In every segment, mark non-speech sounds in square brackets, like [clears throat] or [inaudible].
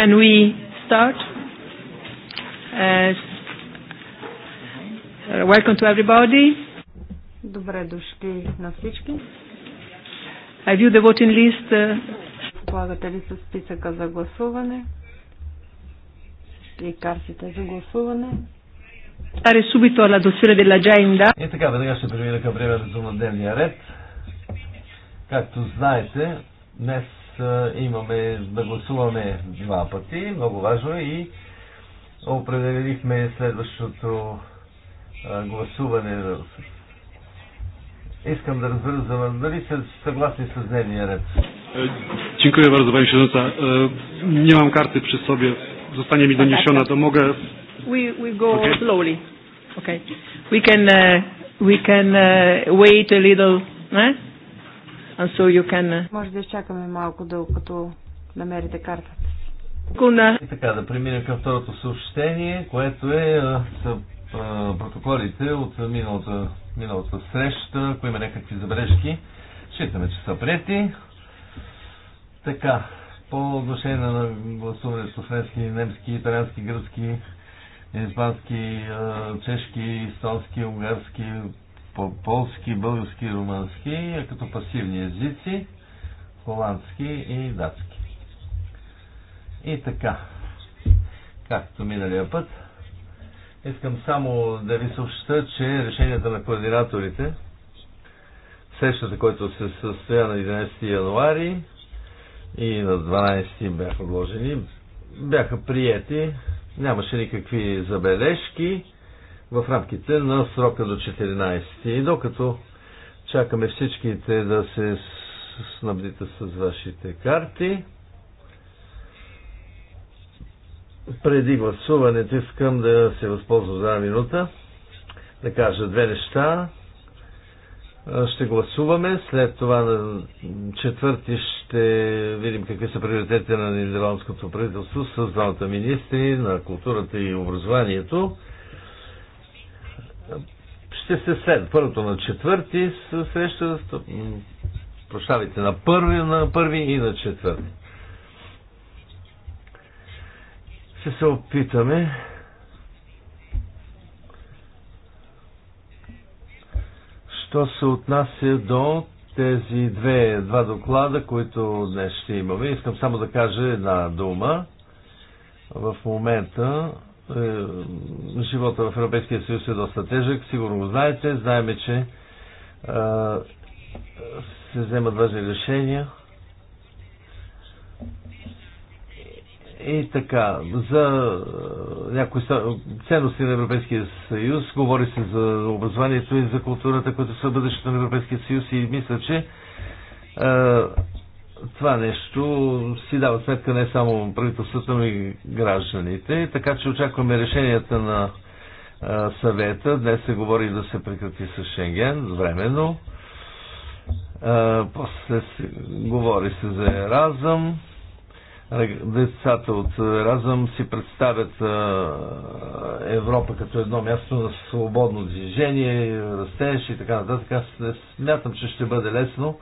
Can we start? Uh, welcome to everybody. Добре дошли на всички. I view the voting list? Uh, Полагате ли с списъка за гласуване? И картите за гласуване? Stare subito all'adozione dell'agenda. И така, веднага ще премина към времето на дневния ред. Както знаете, днес имаме да гласуваме два пъти, много важно и определихме следващото гласуване. Искам да разбера, за, дали се съгласни с дневния ред? Dziękuję bardzo Panie Przewodniczący. Nie mam karty przy sobie. Zostanie mi doniesiona, to We, we go okay. slowly. Okay. We can, uh, we can uh, wait a little. Eh? And so you can... Uh, Може да изчакаме малко докато намерите картата си. Куна. И така, да преминем към второто съобщение, което е са протоколите от миналата, миналата среща, ако има някакви забележки. Считаме, че са прети. Така, по отношение на гласуването френски, немски, италиански, гръцки, испански, чешки, естонски, унгарски, по полски, български и румънски, като пасивни езици, холандски и датски. И така, както миналия път, искам само да ви съобща, че решенията на координаторите, срещата, която се състоя на 11 януари и на 12 бяха отложени, бяха приети, нямаше никакви забележки, в рамките на срока до 14. И докато чакаме всичките да се снабдите с вашите карти, преди гласуването искам да се възползвам за една минута, да кажа две неща. Ще гласуваме, след това на четвърти ще видим какви са приоритетите на нидерландското правителство с двамата министри на културата и образованието ще се след Първото на четвърти се среща, прощавайте, на първи, на първи и на четвърти. Ще се опитаме що се отнася до тези две, два доклада, които днес ще имаме. Искам само да кажа една дума. В момента е, живота в Европейския съюз е доста тежък. Сигурно го знаете. Знаеме, че е, се вземат важни решения. И така, за е, някои ценности на Европейския съюз, говори се за образованието и за културата, които са бъдещето на Европейския съюз и мисля, че това нещо си дава сметка не само правителството, но и гражданите. Така че очакваме решенията на а, съвета. Днес се говори да се прекрати с Шенген временно. А, после се, говори се за Еразъм. Децата от Еразъм си представят а, Европа като едно място на свободно движение, растеж и така нататък. Аз смятам, че ще бъде лесно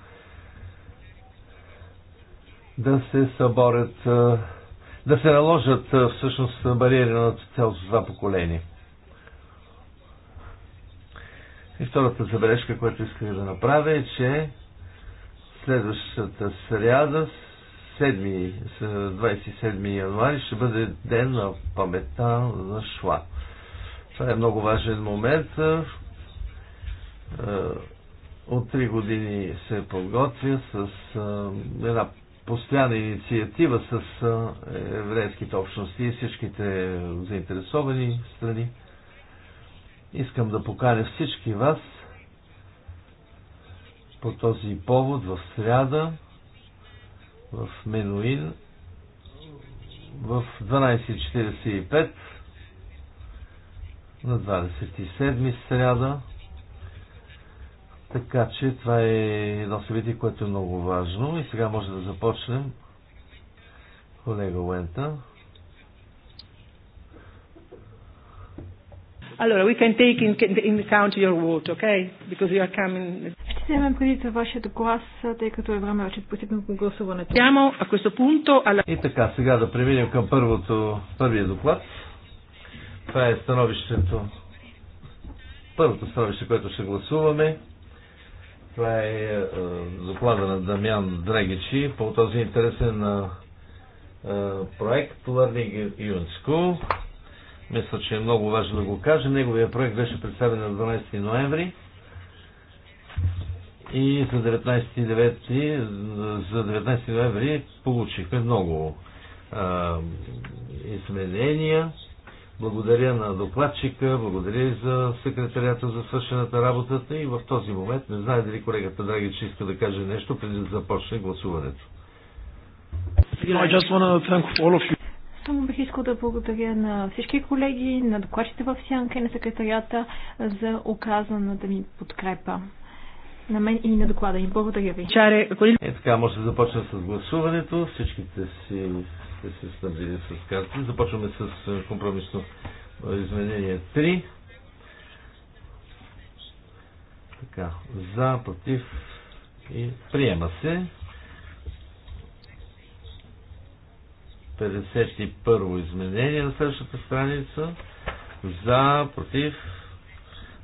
да се съборят, да се наложат всъщност бариери на цялото това поколение. И втората забележка, която исках да направя е, че следващата сряда, 7, 27 януари, ще бъде ден на паметта на Шла. Това е много важен момент. От три години се подготвя с една постоянна инициатива с еврейските общности и всичките заинтересовани страни. Искам да поканя всички вас по този повод в сряда в Менуин в 12.45 на 27 сряда така че това е едно събитие, което е много важно и сега може да започнем. Колега Уента. Allora, we can take in, in account your vote, okay? Because you are coming... Ще вземем преди вашия глас, тъй като е време вече постигнато гласуването. И така, сега да преминем към първото, първия доклад. Това е становището. Първото становище, което ще гласуваме. Това е, е доклада на Дамян Драгичи по този интересен е, е, проект Learning in School. Мисля, че е много важно да го кажа. Неговия проект беше представен на 12 ноември и за 19, за 19 ноември получихме много а, изменения. Благодаря на докладчика, благодаря и за секретарията за свършената работата и в този момент не знае дали колегата Драгич иска да каже нещо преди да започне гласуването. Само бих искал да благодаря на всички колеги, на докладчите в Сянка и на секретарията за оказаната ми подкрепа. На мен и на доклада им. Благодаря ви. Е така, може да започна с гласуването. Всичките си сте се снабдили с карти. Започваме с е, компромисно е, изменение 3. Така, за, против и приема се. 51 во изменение на следващата страница. За, против,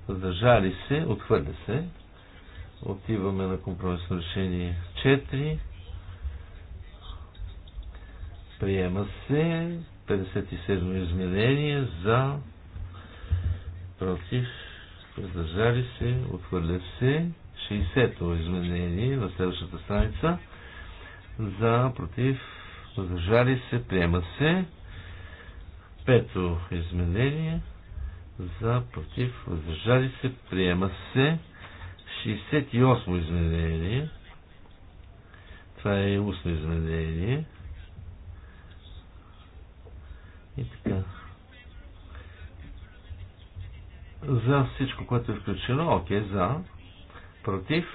задържали се, отхвърля се. Отиваме на компромисно решение 4. Приема се 57 изменение за против въздържали се, отхвърля се 60-то изменение на следващата страница за против въздържали се, приема се пето изменение за против въздържали се, приема се 68 изменение това е устно изменение и така. За всичко, което е включено, окей, okay, за. Против,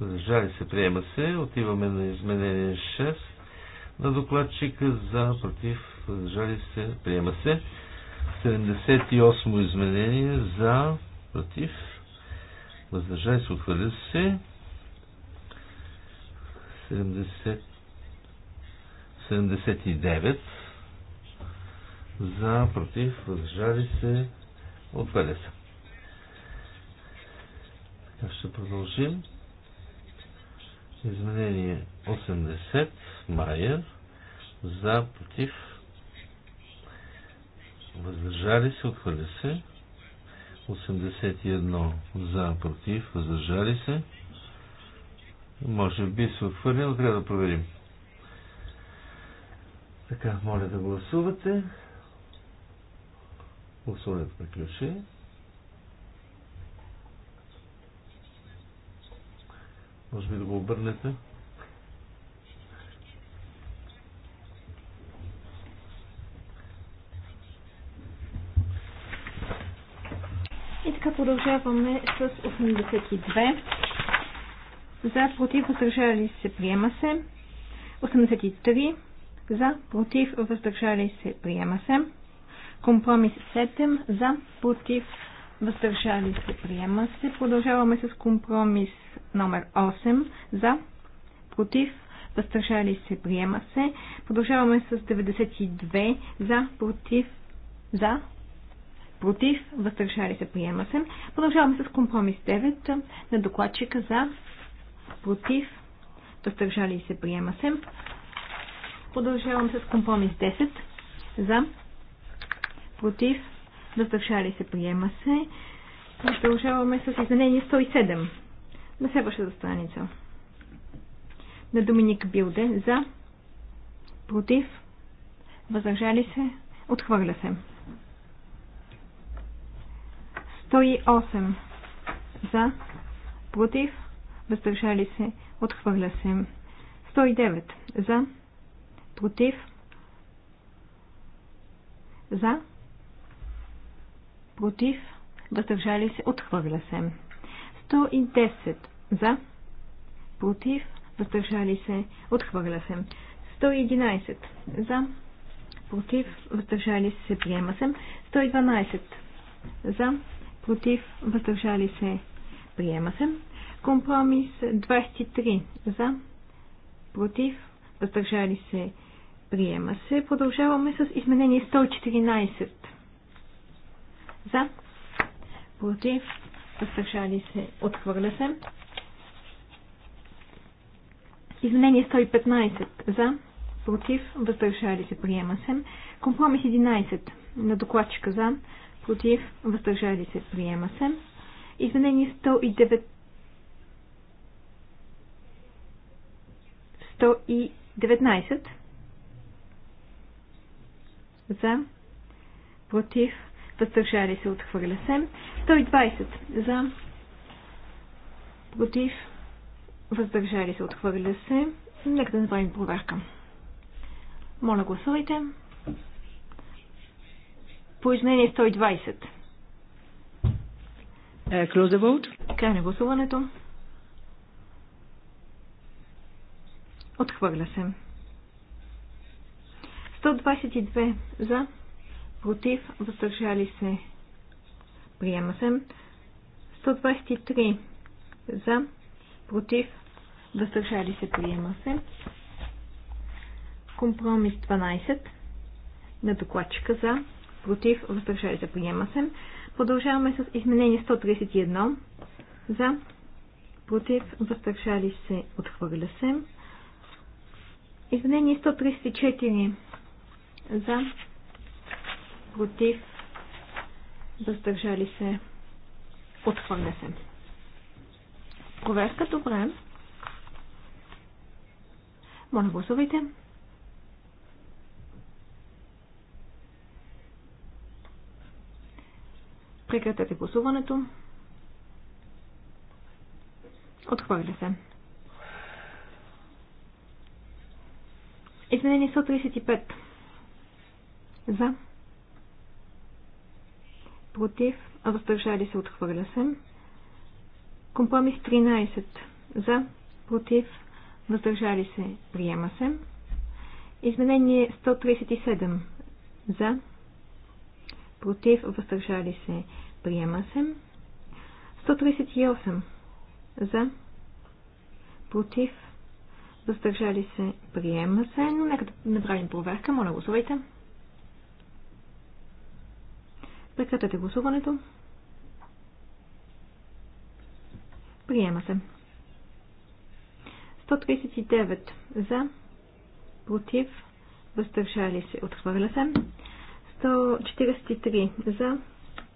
въздържали се, приема се. Отиваме на изменение 6 на докладчика за, против, въздържали се, приема се. 78 изменение за, против, въздържали се, отхвърля се. 70, 79 за, против, въздържали се, от се. Така ще продължим. Изменение 80, Майер, за, против, въздържали се, отхвърля се. 81 за, против, въздържали се. Може би се отхвърли, но трябва да проверим. Така, моля да гласувате. Гласуването приключи. Може би да го обърнете. И така продължаваме с 82. За, против, въздържали се, приема се. 83. За, против, въздържали се, приема се. Компромис 7 за, против, въздържали се, приема се. Продължаваме с компромис номер 8 за, против, въздържали се, приема се. Продължаваме с 92 за, против, за, против, въздържали се, приема се. Продължаваме с компромис 9 на докладчика за, против, въздържали се, приема се. Продължавам с компромис 10 за, против, въздържали се, приема се. Продължаваме с изменение 107 на следващата страница. На Доминик Билде за, против, въздържали се, отхвърля се. 108 за, против, въздържали се, отхвърля се. 109 за, против, за, против, въздържали се, отхвърля се. 110 за, против, въздържали се, отхвърля се. 111 за, против, въздържали се, приема се. 112 за, против, въздържали се, приема се. Компромис 23 за, против, въздържали се, приема се. Продължаваме с изменение 114 за. Против. Въздържали се. Отхвърля се. Изменение 115. За. Против. Въздържали се. Приема се. Компромис 11. На докладчика за. Против. Въздържали се. Приема се. Изменение 109. 119. За. Против въздържали се, отхвърля се. 120 за, против, въздържали се, отхвърля се. Нека да направим проверка. Моля, гласувайте. По изменение 120. Uh, close the vote. Край на гласуването. Отхвърля се. 122 за, против, въздържали се, приема се. 123 за, против, въздържали се, приема се. Компромис 12 на докладчика за, против, въздържали се, приема се. Продължаваме с изменение 131 за, против, въздържали се, отхвърля се. Изменение 134 за, против, въздържали се, отхвърля се. Проверка добре. Моля, гласувайте. Прекратете гласуването. Отхвърля се. Изменени 135. За против, въздържали се, отхвърля се. Компромис 13 за, против, въздържали се, приема се. Изменение 137 за, против, въздържали се, приема се. 138 за, против, въздържали се, приема се, но нека да направим проверка, моля гласувайте. Да Прекратете гласуването. Приема се. 139 за, против, въздържали се, отхвърля се. 143 за,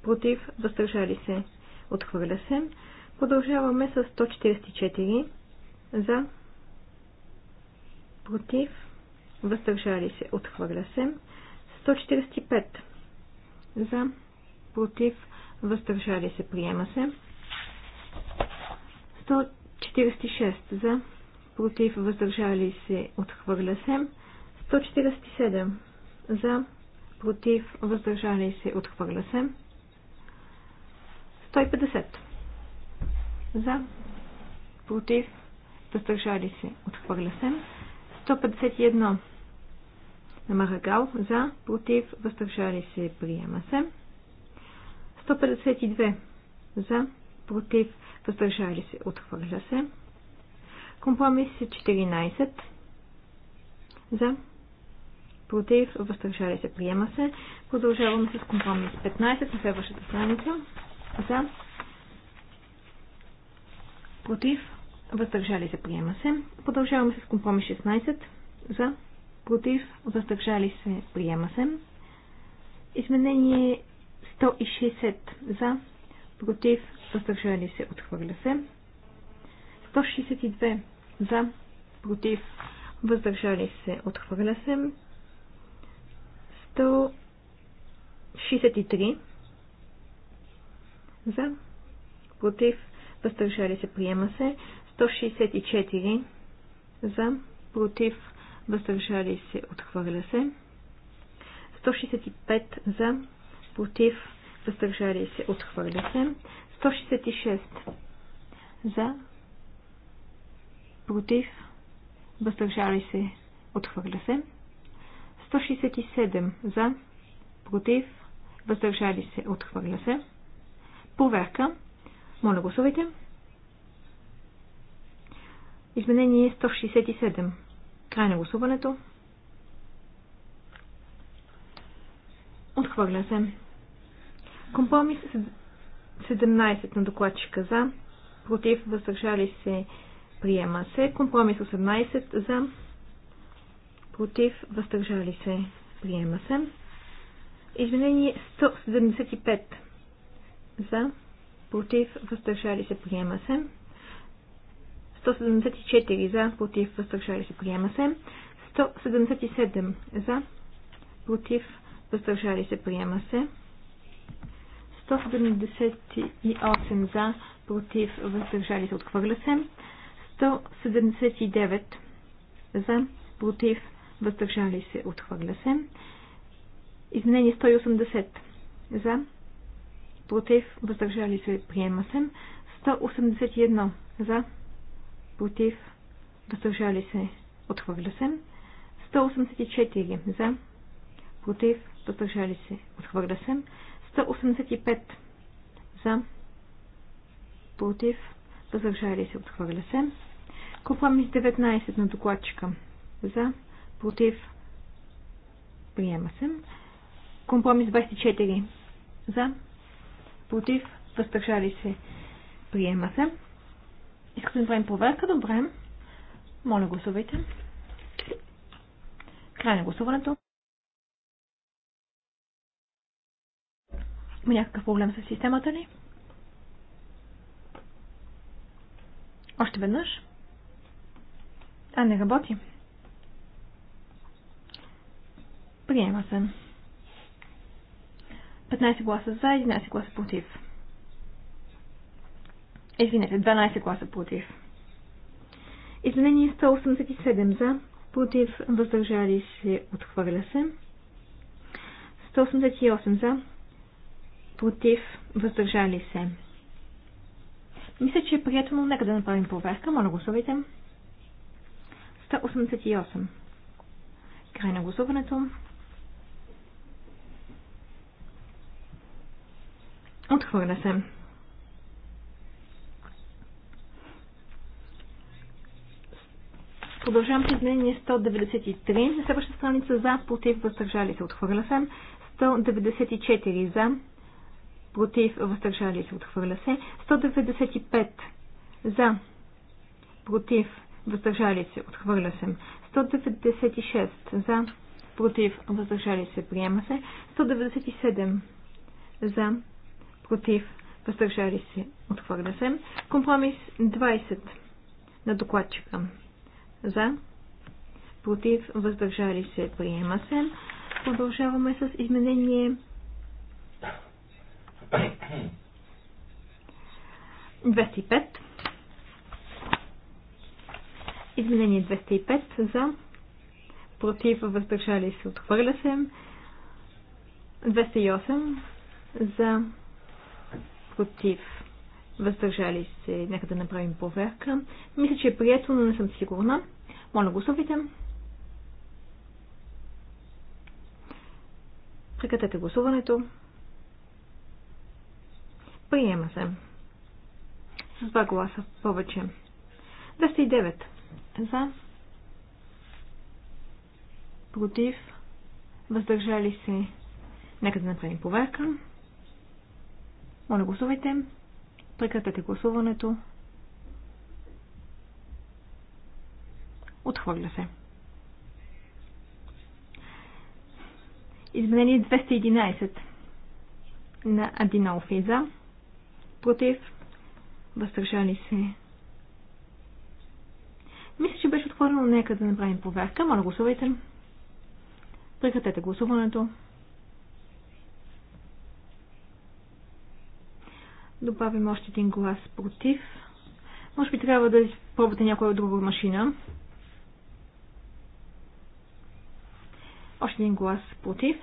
против, въздържали се, отхвърля се. Продължаваме с 144 за, против, въздържали се, отхвърля се. 145 за, против, въздържали се, приема се. 146 за, против, въздържали се, отхвърля се. 147 за, против, въздържали се, отхвърля се. 150 за, против, въздържали се, отхвърля се. 151 на Марагал за, против, въздържали се, приема се. 152 за, против, въздържали се, отхвърля се. Компромис 14 за, против, въздържали се, приема се. Продължаваме с компромис 15 на следващата страница. За, против, въздържали се, приема се. Продължаваме с компромис 16 за, против, въздържали се, приема се. Изменение 160 за, против, въздържали се, отхвърля се. 162 за, против, въздържали се, отхвърля се. 163 за, против, въздържали се, приема се. 164 за, против, въздържали се, отхвърля се. 165 за, против, въздържали се, отхвърля се. 166 за, против, въздържали се, отхвърля се. 167 за, против, въздържали се, отхвърля се. Проверка. Моля, гласувайте. Изменение 167. Край на гласуването. Отхвърля се. Компромис 17 на докладчика за, против, въздържали се, приема се. Компромис 18 за, против, въздържали се, приема се. Изменение 175 за, против, въздържали се, приема се. 174 за, против, въздържали се, приема се. 177 за, против, въздържали се, приема се. 178 за, против, въздържали се, отхвърля се. 179 за, против, въздържали се, отхвърля се. Изменение 180 за, против, въздържали се, приема се. 181 за, против, въздържали се, отхвърля се. 184 за, против, въздържали се, отхвърля се. 385 за, против, въздържали се, отхвърля се. Компромис 19 на докладчика за, против, приема се. Компромис 24 за, против, въздържали се, приема се. Искате да направим проверка? Добре. Моля, гласувайте. Край на гласуването. Има някакъв проблем с системата ли? Още веднъж. А, не работи. Приема се. 15 гласа за, 11 гласа против. Извинете, 12 гласа против. Изменение 187 за, против, въздържали се, отхвърля се. 188 за, против, въздържали се. Мисля, че е прието, но нека да направим проверка. Моля, гласувайте. 188. Край на гласуването. Отхвърля се. Продължавам с изменение 193. На следващата страница за, против, въздържали се. Отхвърля се. 194 за, против, въздържали се, отхвърля се. 195 за, против, въздържали се, отхвърля се. 196 за, против, въздържали се, приема се. 197 за, против, въздържали се, отхвърля се. Компромис 20 на докладчика. За, против, въздържали се, приема се. Продължаваме с изменение 205. Изменение 205 за. Против, въздържали се, отхвърля се. 208 за. Против, въздържали се, нека да направим проверка. Мисля, че е прието, но не съм сигурна. Моля, гласувайте. Прекратете гласуването. Приема се. С два гласа повече. 209. За. Против. Въздържали се. Нека да направим поверка. Моля, гласувайте. Прекратете гласуването. Отхвърля се. Изменение 211 на Адинол за против, въздържали се. Мисля, че беше отхвърлено. Нека да направим проверка. Моля, гласувайте. Прекратете гласуването. Добавим още един глас против. Може би трябва да пробвате някоя друга машина. Още един глас против.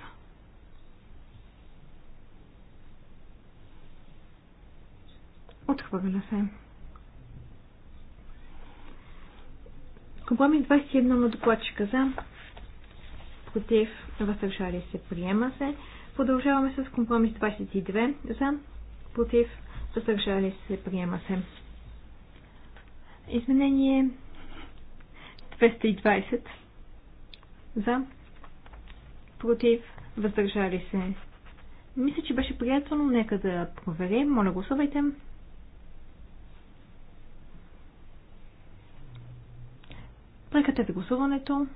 Отхвърля се. Компромис 21 на докладчика за. Против. Въздържали се. Приема се. Продължаваме с компромис 22 за. Против. Въздържали се. Приема се. Изменение 220 за. Против. Въздържали се. Мисля, че беше приятно, нека да проверим. Моля, гласувайте. Прекратете гласуването.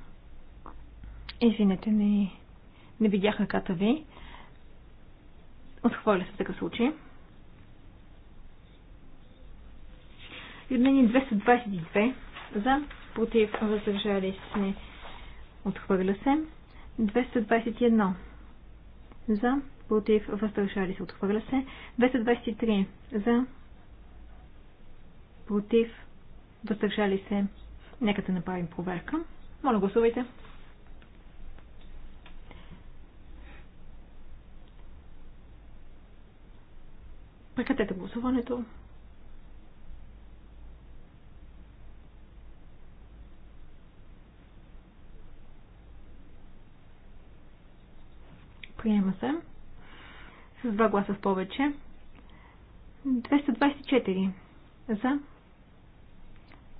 Извинете, не, не видях ръката ви. Отхвърля се така случай. Изменение 222 за, против, въздържали се, отхвърля се. 221 за, против, въздържали се, отхвърля се. 223 за, против, въздържали се, Нека да направим проверка. Моля, гласувайте. Прекратете гласуването. Приема се. С два гласа в повече. 224 за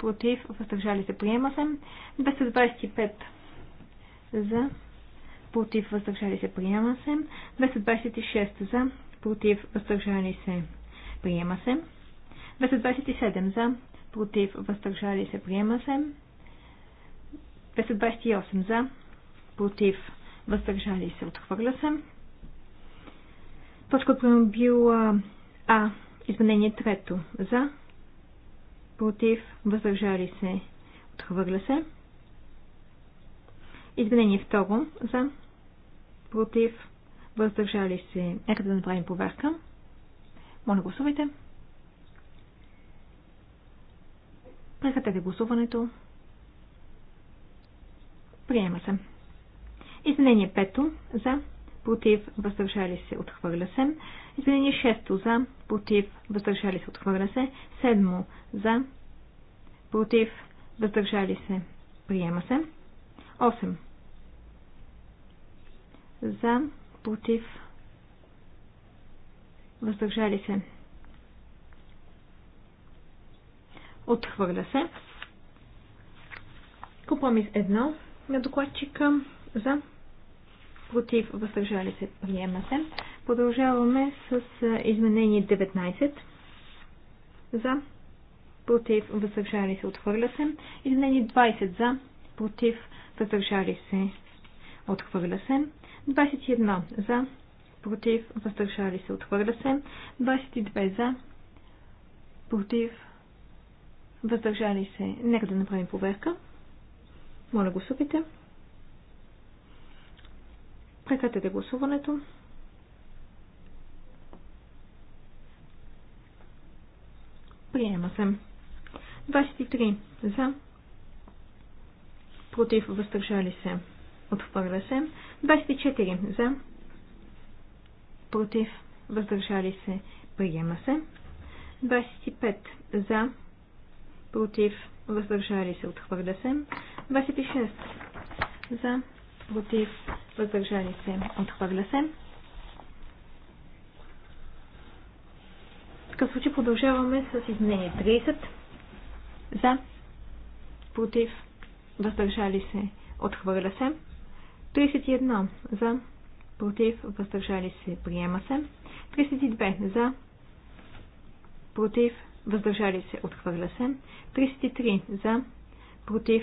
против, въздържали се, приема се. 225 за, против, въздържали се, приема се. 226 за, против, въздържали се, приема се. 227 за, против, въздържали се, приема се. 228 за, против, въздържали се, отхвърля се. Точка от бил А, изменение трето за, против, въздържали се, отхвърля се. Изменение второ за, против, въздържали се. Нека да направим проверка. Моля, гласувайте. Прекратете гласуването. Приема се. Изменение пето за, против, въздържали се, отхвърля се. Изменение 6 за, против, въздържали се, отхвърля се. седмо за, против, въздържали се, приема се. 8 за, против, въздържали се, отхвърля се. Компромис едно на докладчика за против, въздържали се, приема се. Продължаваме с изменение 19 за, против, въздържали се, отхвърля се. Изменение 20 за, против, въздържали се, отхвърля се. 21 за, против, въздържали се, отхвърля се. 22 за, против, въздържали се. Нека да направим проверка. Моля, го супите, Прекратете гласуването. Приема се. 23 за. Против въздържали се. Отхвърля се. 24 за. Против въздържали се. Приема се. 25 за. Против въздържали се. Отхвърля се. 26 за против, въздържали се, отхвърля се. В такъв случай продължаваме с изменение 30. За, против, въздържали се, отхвърля се. 31. За, против, въздържали се, приема се. 32. За, против, въздържали се, отхвърля се. 33. За, против,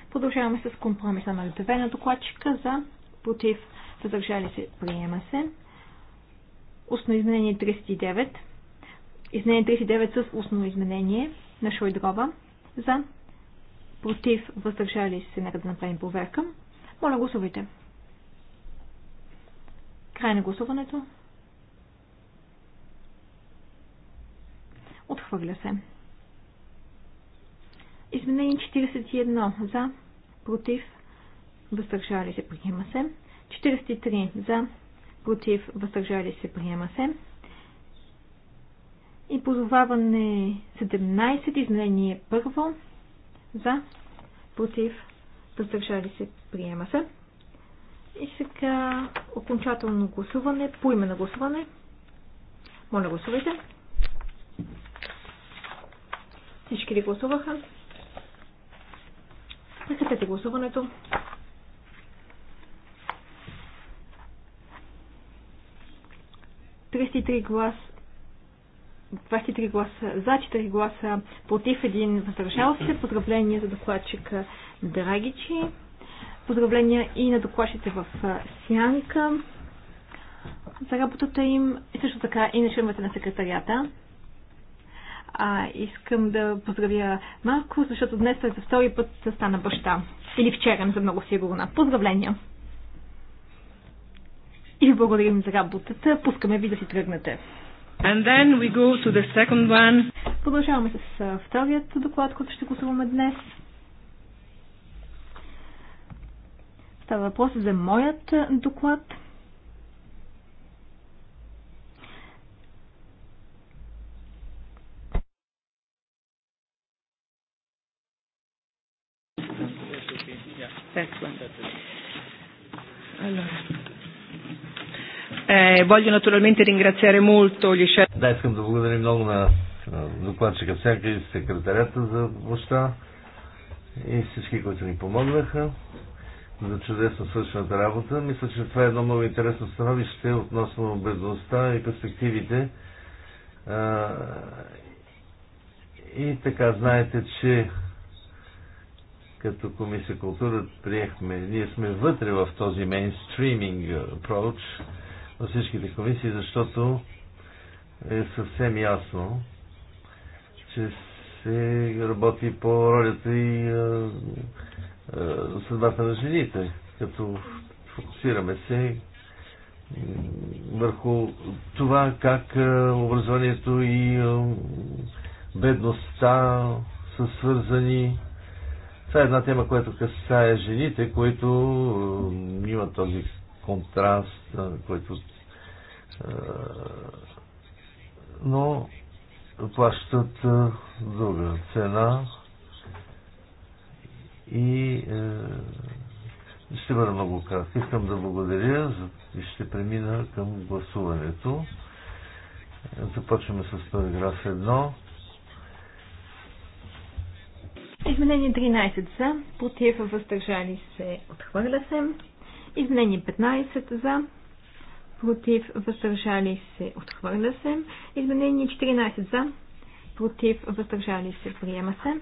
Продължаваме с компромиса на 2 на докладчика за против съдържали се приема се. Устно изменение 39. Изменение 39 с устно изменение на Шойдрова за против въздържали се. Нека да направим проверка. Моля гласувайте. Край на гласуването. Отхвърля се. Изменение 41 за, против, въздържали се, приема се. 43 за, против, въздържали се, приема се. И позоваване 17, изменение първо, за, против, въздържали се, приема се. И сега окончателно гласуване, по име на гласуване. Моля, гласувайте. Всички ли гласуваха? Прекратете гласуването. глас 23 гласа за, 4 гласа против, 1 въздържал се. Поздравления за докладчик Драгичи. Поздравления и на докладчите в Сянка за работата им и също така и на членовете на секретарията. А, искам да поздравя Марко, защото днес е за втори път да стана баща. Или вчера, не за много сигурна. Поздравления! И благодарим за работата. Пускаме ви да си тръгнете. And then we go to the second one. Продължаваме с вторият доклад, който ще гласуваме днес. Става въпрос за моят доклад – Excellent. Allora. Eh, voglio naturalmente ringraziare molto gli scelti. Да, искам да благодарим много на докладчика всяка и секретарята за помощта и всички, които ни помогнаха за чудесно свършената работа. Мисля, че това е едно много интересно становище относно бедността и перспективите. И така, знаете, че като Комисия култура приехме, ние сме вътре в този мейнстриминг approach във всичките комисии, защото е съвсем ясно, че се работи по ролята и съдбата на жените, като фокусираме се върху това как образованието и бедността са свързани това е една тема, която касае жените, които имат този контраст, който но плащат друга цена и е, ще бъда много кратка. Искам да благодаря и ще премина към гласуването. Започваме с параграф 1. Изменение 13 за, против, въздържали се, отхвърля се. Изменение 15 за, против, въздържали се, отхвърля се. Изменение 14 за, против, въздържали се, приема се.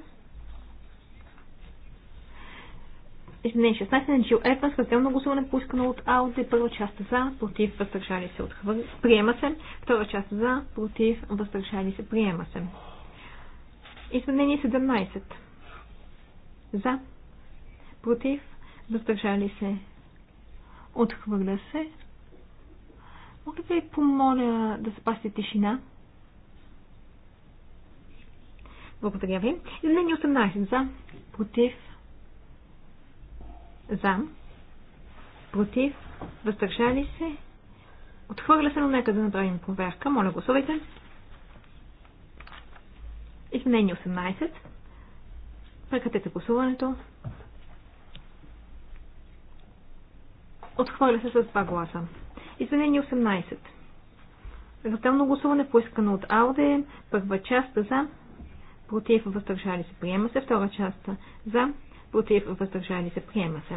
Изменение 16 на Джил Еванс, разделно гласуване, поискано от Ауди. Първа част за, против, въздържали се, отхвърля, приема се. Втора част за, против, въздържали се, приема се. Изменение 17 за. Против. Въздържали се. Отхвърля се. Мога да ви помоля да спасите тишина? Благодаря ви. Изменение 18. За. Против. За. Против. Въздържали се. Отхвърля се, но нека да направим проверка. Моля, гласувайте. Изменение 18. Прекратете гласуването. Отхвърля се с 2 гласа. Извинение 18. Разделно гласуване поискано от АОДЕ. Първа част за. Против въздържали се. Приема се. Втора част за. Против въздържали се. Приема се.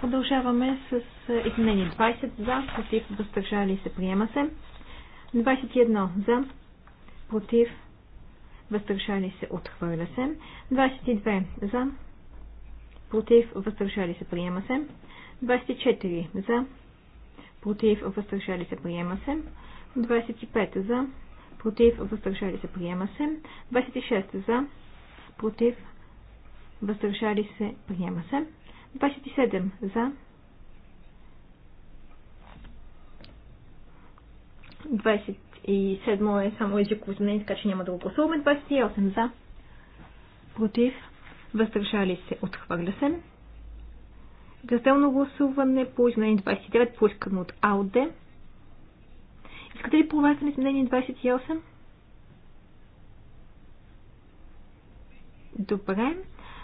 Продължаваме с изменение 20 за. Против въздържали се. Приема се. 21 за. Против въздържали се, отхвърля се. 22 за, против, въздържали се, приема се. 24 за, против, въздържали се, приема се. 25 за, против, въздържали се, приема се. 26 за, против, въздържали се, приема се. 27 за, 20 и седмо е само езиково изменение, така че няма да го гласуваме. 28 за, против, въздържали се, отхвърля се. Разделно гласуване по изменение 29, поискано от Ауде. Искате ли проверка на изменение 28? Добре.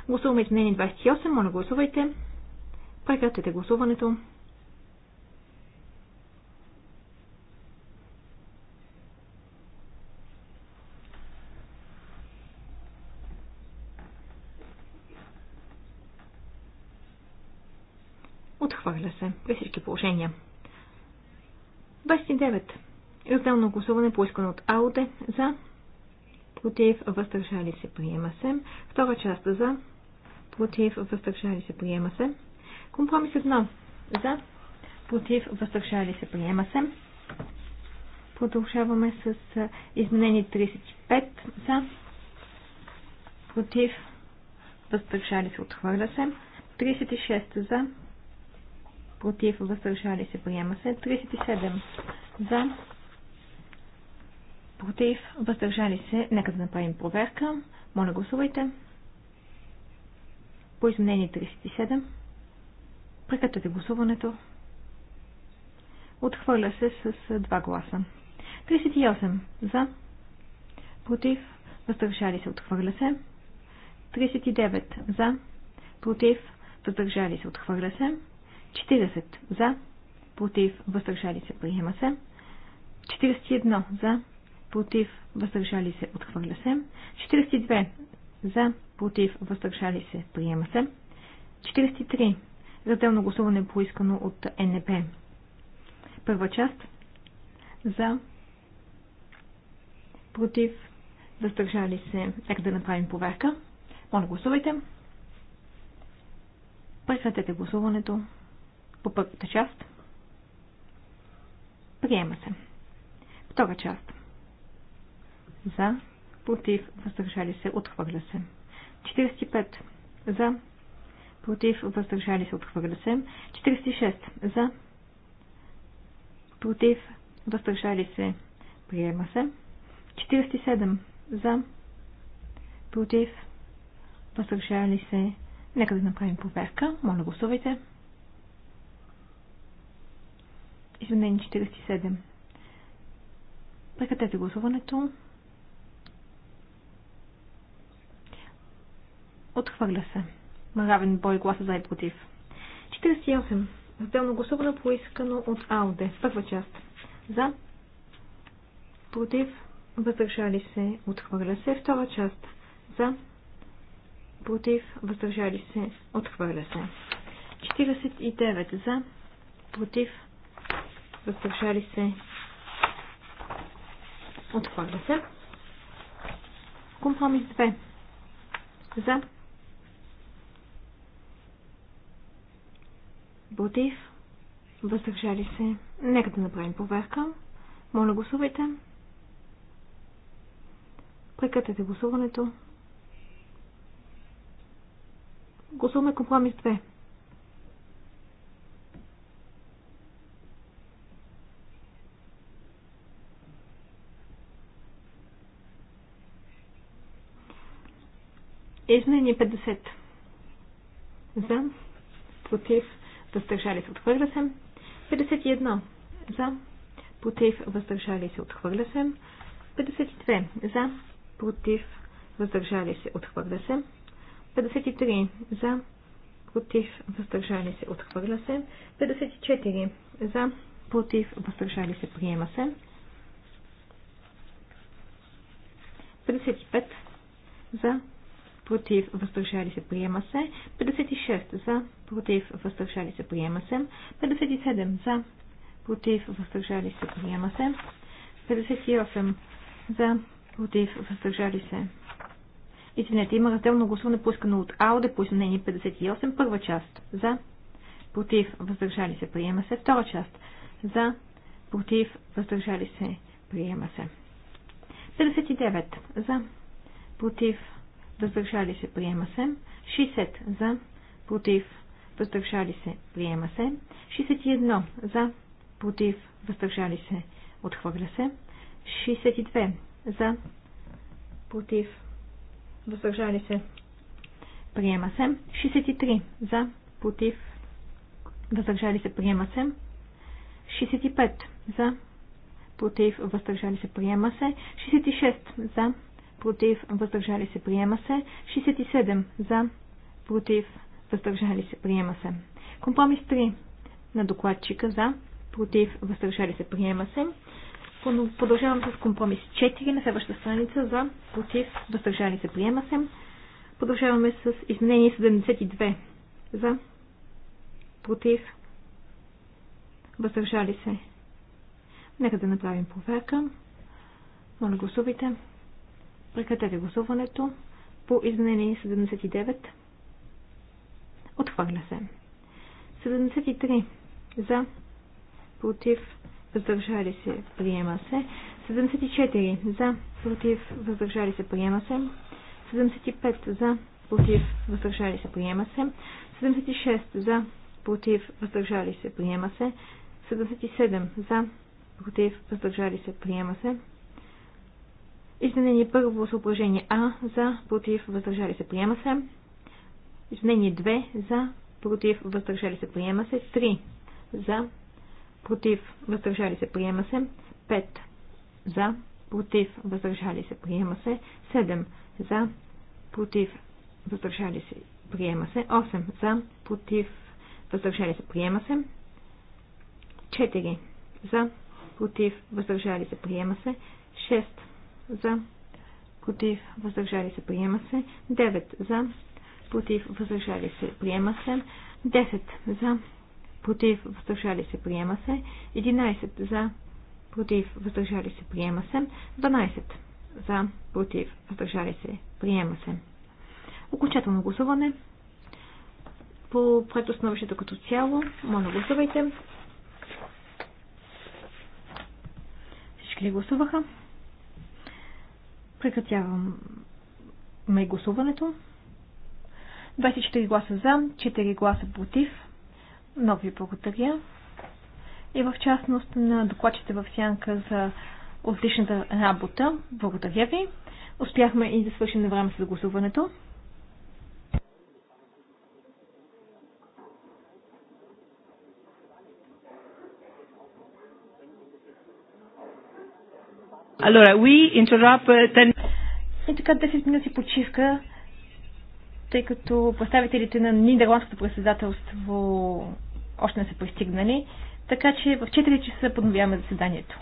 Гласуваме изменение 28. Моля, гласувайте. Прекратете гласуването. Отхвърля се. При всички положения. 29. Разделно гласуване поискано от АУДЕ за. Против. Въздържали се. Приема се. Втора част за. Против. Въздържали се. Приема се. Компромис 1. За. Против. Въздържали се. Приема се. Продължаваме с изменени 35. За. Против. Въздържали се. Отхвърля се. 36 за против, въздържали се, приема се. 37 за, против, въздържали се. Нека да направим проверка. Моля, гласувайте. По изменение 37. Прекратете гласуването. Отхвърля се с 2 гласа. 38 за, против, въздържали се, отхвърля се. 39 за, против, въздържали се, отхвърля се. 40 за, против, въздържали се, приема се. 41 за, против, въздържали се, отхвърля се. 42 за, против, въздържали се, приема се. 43. Разделно гласуване поискано от НП. Първа част. За. Против. Въздържали се. как да направим проверка. Моля, гласувайте. Прекратете гласуването по първата част. Приема се. Втора част. За, против, въздържали се, отхвърля се. 45. За, против, въздържали се, отхвърля се. 46. За, против, въздържали се, приема се. 47. За, против, въздържали се. Нека да направим проверка. Моля, гласувайте. Да изменение 47. Прекратете гласуването. Отхвърля се. Равен бой гласа за и против. 48. Разделно гласуване поискано от Ауде. Първа част. За. Против. Въздържали се. Отхвърля се. Втора част. За. Против. Въздържали се. Отхвърля се. 49. За. Против въздържали се, отхвърля се. Компромис 2 за, против, въздържали се. Нека да направим проверка. Моля гласувайте. Прекратете гласуването. Гласуваме компромис 2. Изменение 50. За. Против. Въздържали се. Отхвърля се. 51. За. Против. Въздържали се. Отхвърля се. 52. За. Против. Въздържали се. Отхвърля се. 53. За. Против. Въздържали се. Отхвърля се. 54. За. Против. Въздържали се. Приема се. 55. За против, въздържали се, приема се. 56 за, против, въздържали се, приема се. 57 за, против, въздържали се, приема се. 58 за, против, въздържали се. Извинете, има разделно гласуване, пускано от АОД, по изменение 58, първа част. За, против, въздържали се, приема се. Втора част. За, против, въздържали се, приема се. 59. За, против, въздържали се, приема се. 60 за, против, въздържали се, приема се. 61 за, против, въздържали се, отхвърля се. 62 за, против, въздържали се, приема се. 63 за, против, въздържали се, приема се. 65 за, против, въздържали се, приема се. 66 за, против, въздържали се, приема се. 67 за, против, въздържали се, приема се. Компромис 3 на докладчика за, против, въздържали се, приема се. Продължавам с компромис 4 на следващата страница за, против, въздържали се, приема се. Продължаваме с изменение 72 за, против, въздържали се. Нека да направим проверка. Моля, гласувайте. Прекратете гласуването по изменение 79. Отхвърля се. 73 за, против, въздържали се, приема се. 74 за, против, въздържали се, приема се. 75 за, против, въздържали се, приема се. 76 за, против, въздържали се, приема се. 77 за, против, въздържали се, приема се. Изменение първо съображение А за, против, въздържали се, приема се. Изменение 2 за, против, въздържали се, приема се. 3 за, против, въздържали се, приема се. 5 за, против, въздържали се, приема се. 7 за, против, въздържали се, приема се. 8 за, против, въздържали се, приема се. 4 за, против, въздържали се, приема се. 6 за, против, въздържали се, приема се. 9 за, против, въздържали се, приема се. 10 за, против, въздържали се, приема се. 11 за, против, въздържали се, приема се. 12 за, против, въздържали се, приема се. Окончателно гласуване по предостановището като цяло. Моля, гласувайте. Всички ли гласуваха? Прекратявам ме гласуването. 24 гласа за, 4 гласа против. Много ви благодаря. И в частност на докладчите в сянка за отличната работа. Благодаря ви. Успяхме и да свършим на време с гласуването. Allora, we interrupt uh, ten... И така 10 минути почивка, тъй като представителите на Нидерландското председателство още не са пристигнали, така че в 4 часа подновяваме заседанието.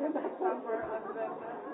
member of the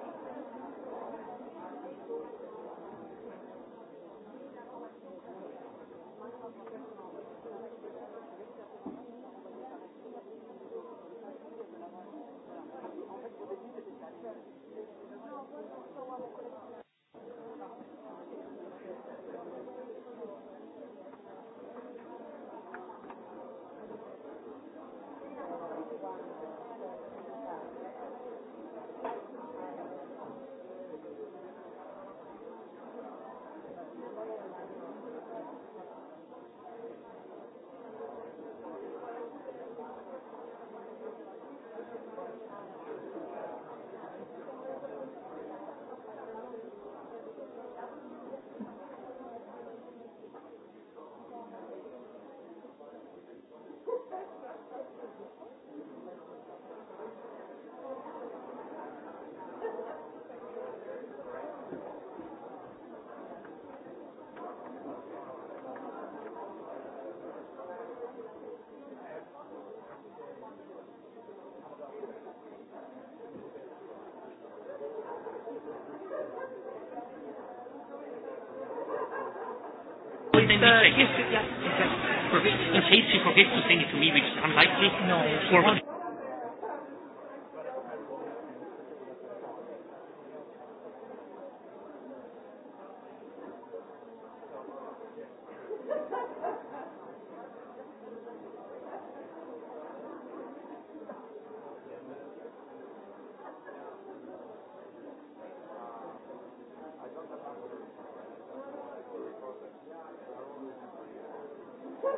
yes, yes, yes. In case you forget to send it to me, which is unlikely. No.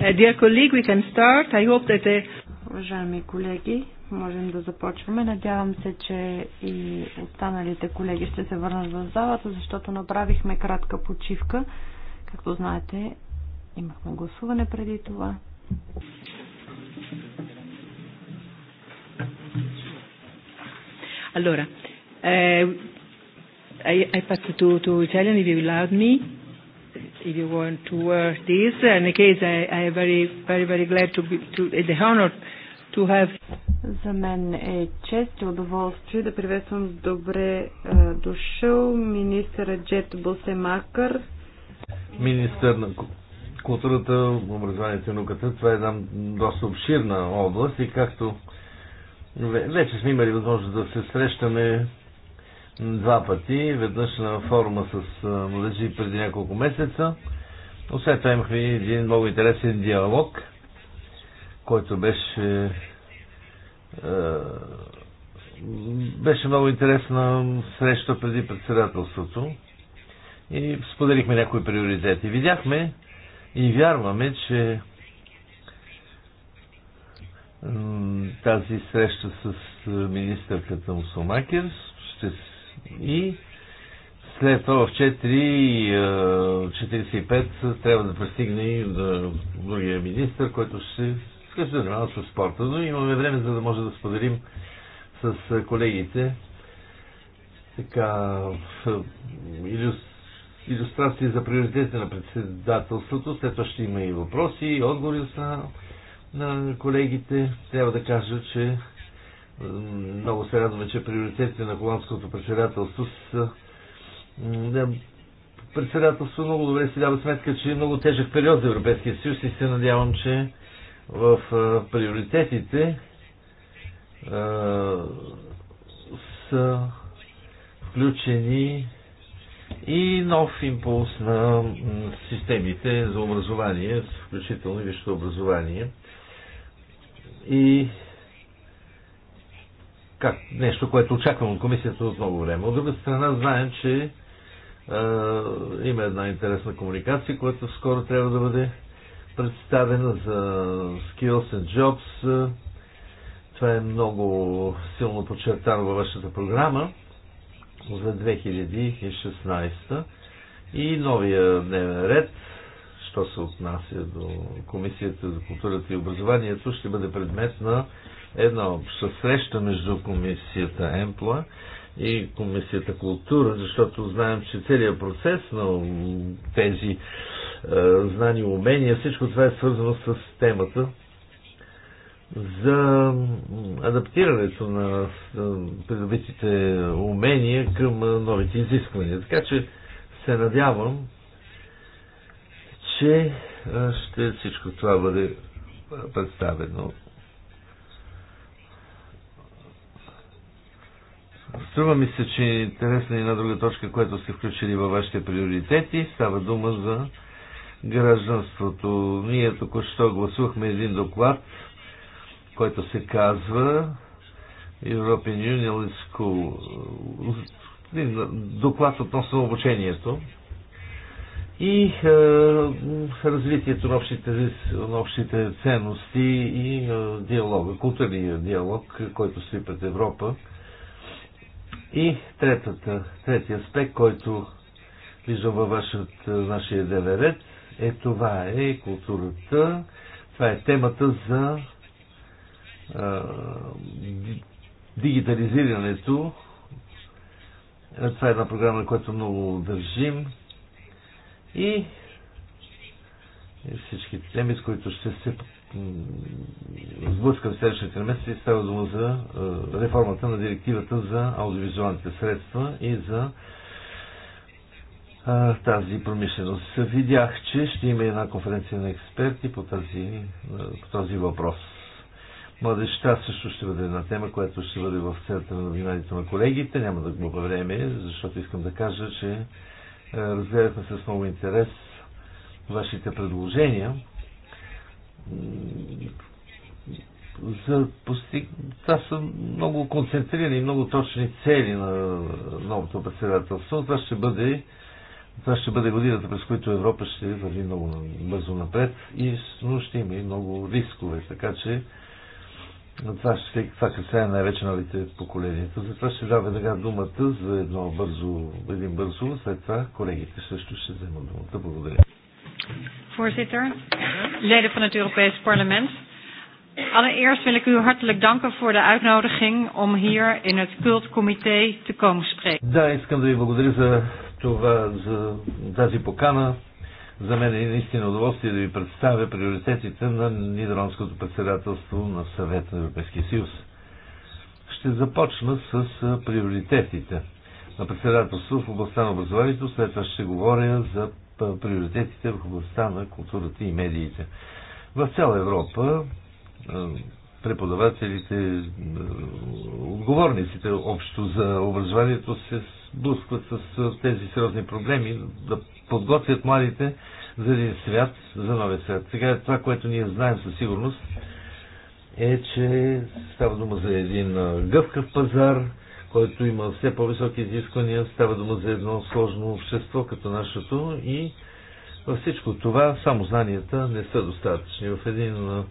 Uh, dear colleague, we can start. I hope that uh, Уважаеми колеги, можем да започваме. Надявам се, че и останалите колеги ще се върнат в залата, защото направихме кратка почивка. Както знаете, имахме гласуване преди това. Allora, eh, I, I passed to, to Italian if you allowed me if you want to wear this. In any case, I, I am very, very, very glad to be to, uh, the honor to have. За мен е чест и удоволствие да приветствам с добре uh, дошъл министър Джет Босемакър. Министър на културата, образованието и науката. Това е една доста обширна област и както вече сме имали възможност да се срещаме два пъти, веднъж на форума с младежи преди няколко месеца. Освен това имахме един много интересен диалог, който беше беше много интересна среща преди председателството и споделихме някои приоритети. Видяхме и вярваме, че тази среща с министърката Мусумакер ще и след това в 4.45 трябва да пристигне и да другия министр, който ще се занимава с спорта. Но имаме време, за да може да споделим с колегите така иллюстрации за приоритетите на председателството. След това ще има и въпроси, и отговори на, на колегите. Трябва да кажа, че много се радваме, че приоритетите на холандското председателство са да председателство много добре си дава сметка, че е много тежък период за Европейския съюз и се надявам, че в а, приоритетите а, са включени и нов импулс на системите за образование, включително и висшето образование. И как, нещо, което очаквам от комисията от много време. От друга страна, знаем, че е, има една интересна комуникация, която скоро трябва да бъде представена за Skills and Jobs. Това е много силно подчертано във вашата програма за 2016 и новия дневен ред, що се отнася до Комисията за културата и образованието, ще бъде предмет на една обща среща между комисията ЕМПЛА и комисията култура, защото знаем, че целият процес на тези е, знания и умения, всичко това е свързано с темата за адаптирането на придобитите умения към е, новите изисквания. Така че се надявам, че е, ще всичко това бъде представено Струва ми се, че е интересна и една друга точка, която сте включили във вашите приоритети. Става дума за гражданството. Ние току-що гласувахме един доклад, който се казва European Union School. Доклад относно обучението и е, развитието на общите, на общите ценности и е, диалога, културния диалог, който стои пред Европа и третата, третия аспект, който виждам във вашият, нашия деверет, е това е културата, това е темата за а, дигитализирането. Това е една програма, която много държим. И всички теми, с които ще се сблъскам следващите и става дума за реформата на директивата за аудиовизуалните средства и за тази промишленост. Видях, че ще има една конференция на експерти по, тази, по този въпрос. Младеща също ще бъде една тема, която ще бъде в центъра на вниманието на колегите. Няма да губа време, защото искам да кажа, че разгледахме с много интерес вашите предложения за постиг... Това са много концентрирани, много точни цели на новото председателство. Това ще бъде това ще бъде годината, през която Европа ще върви много бързо напред и но ще има и много рискове. Така че това, ще, това касае най-вече новите поколенията. Затова ще дам веднага думата за едно бързо, един бързо, след това колегите също ще вземат думата. Благодаря. Voorzitter, leden van het Europees Parlement. Allereerst wil ik u hartelijk danken voor de uitnodiging om hier in het cultcomité te komen spreken. Да, искам да ви благодаря за това, за тази покана. За мен е наистина удоволствие да ви представя приоритетите на Нидерландското председателство на Съвет на Европейския съюз. Ще започна с приоритетите на председателство в областта на образованието, след това ще говоря за приоритетите в областта на културата и медиите. В цяла Европа е, преподавателите, е, отговорниците общо за образованието се сблъскват с е, тези сериозни проблеми, да подготвят младите за един свят, за новия свят. Сега това, което ние знаем със сигурност, е, че става дума за един гъвкав пазар, който има все по-високи изисквания. Става дума за едно сложно общество като нашето и във всичко това само знанията не са достатъчни. В един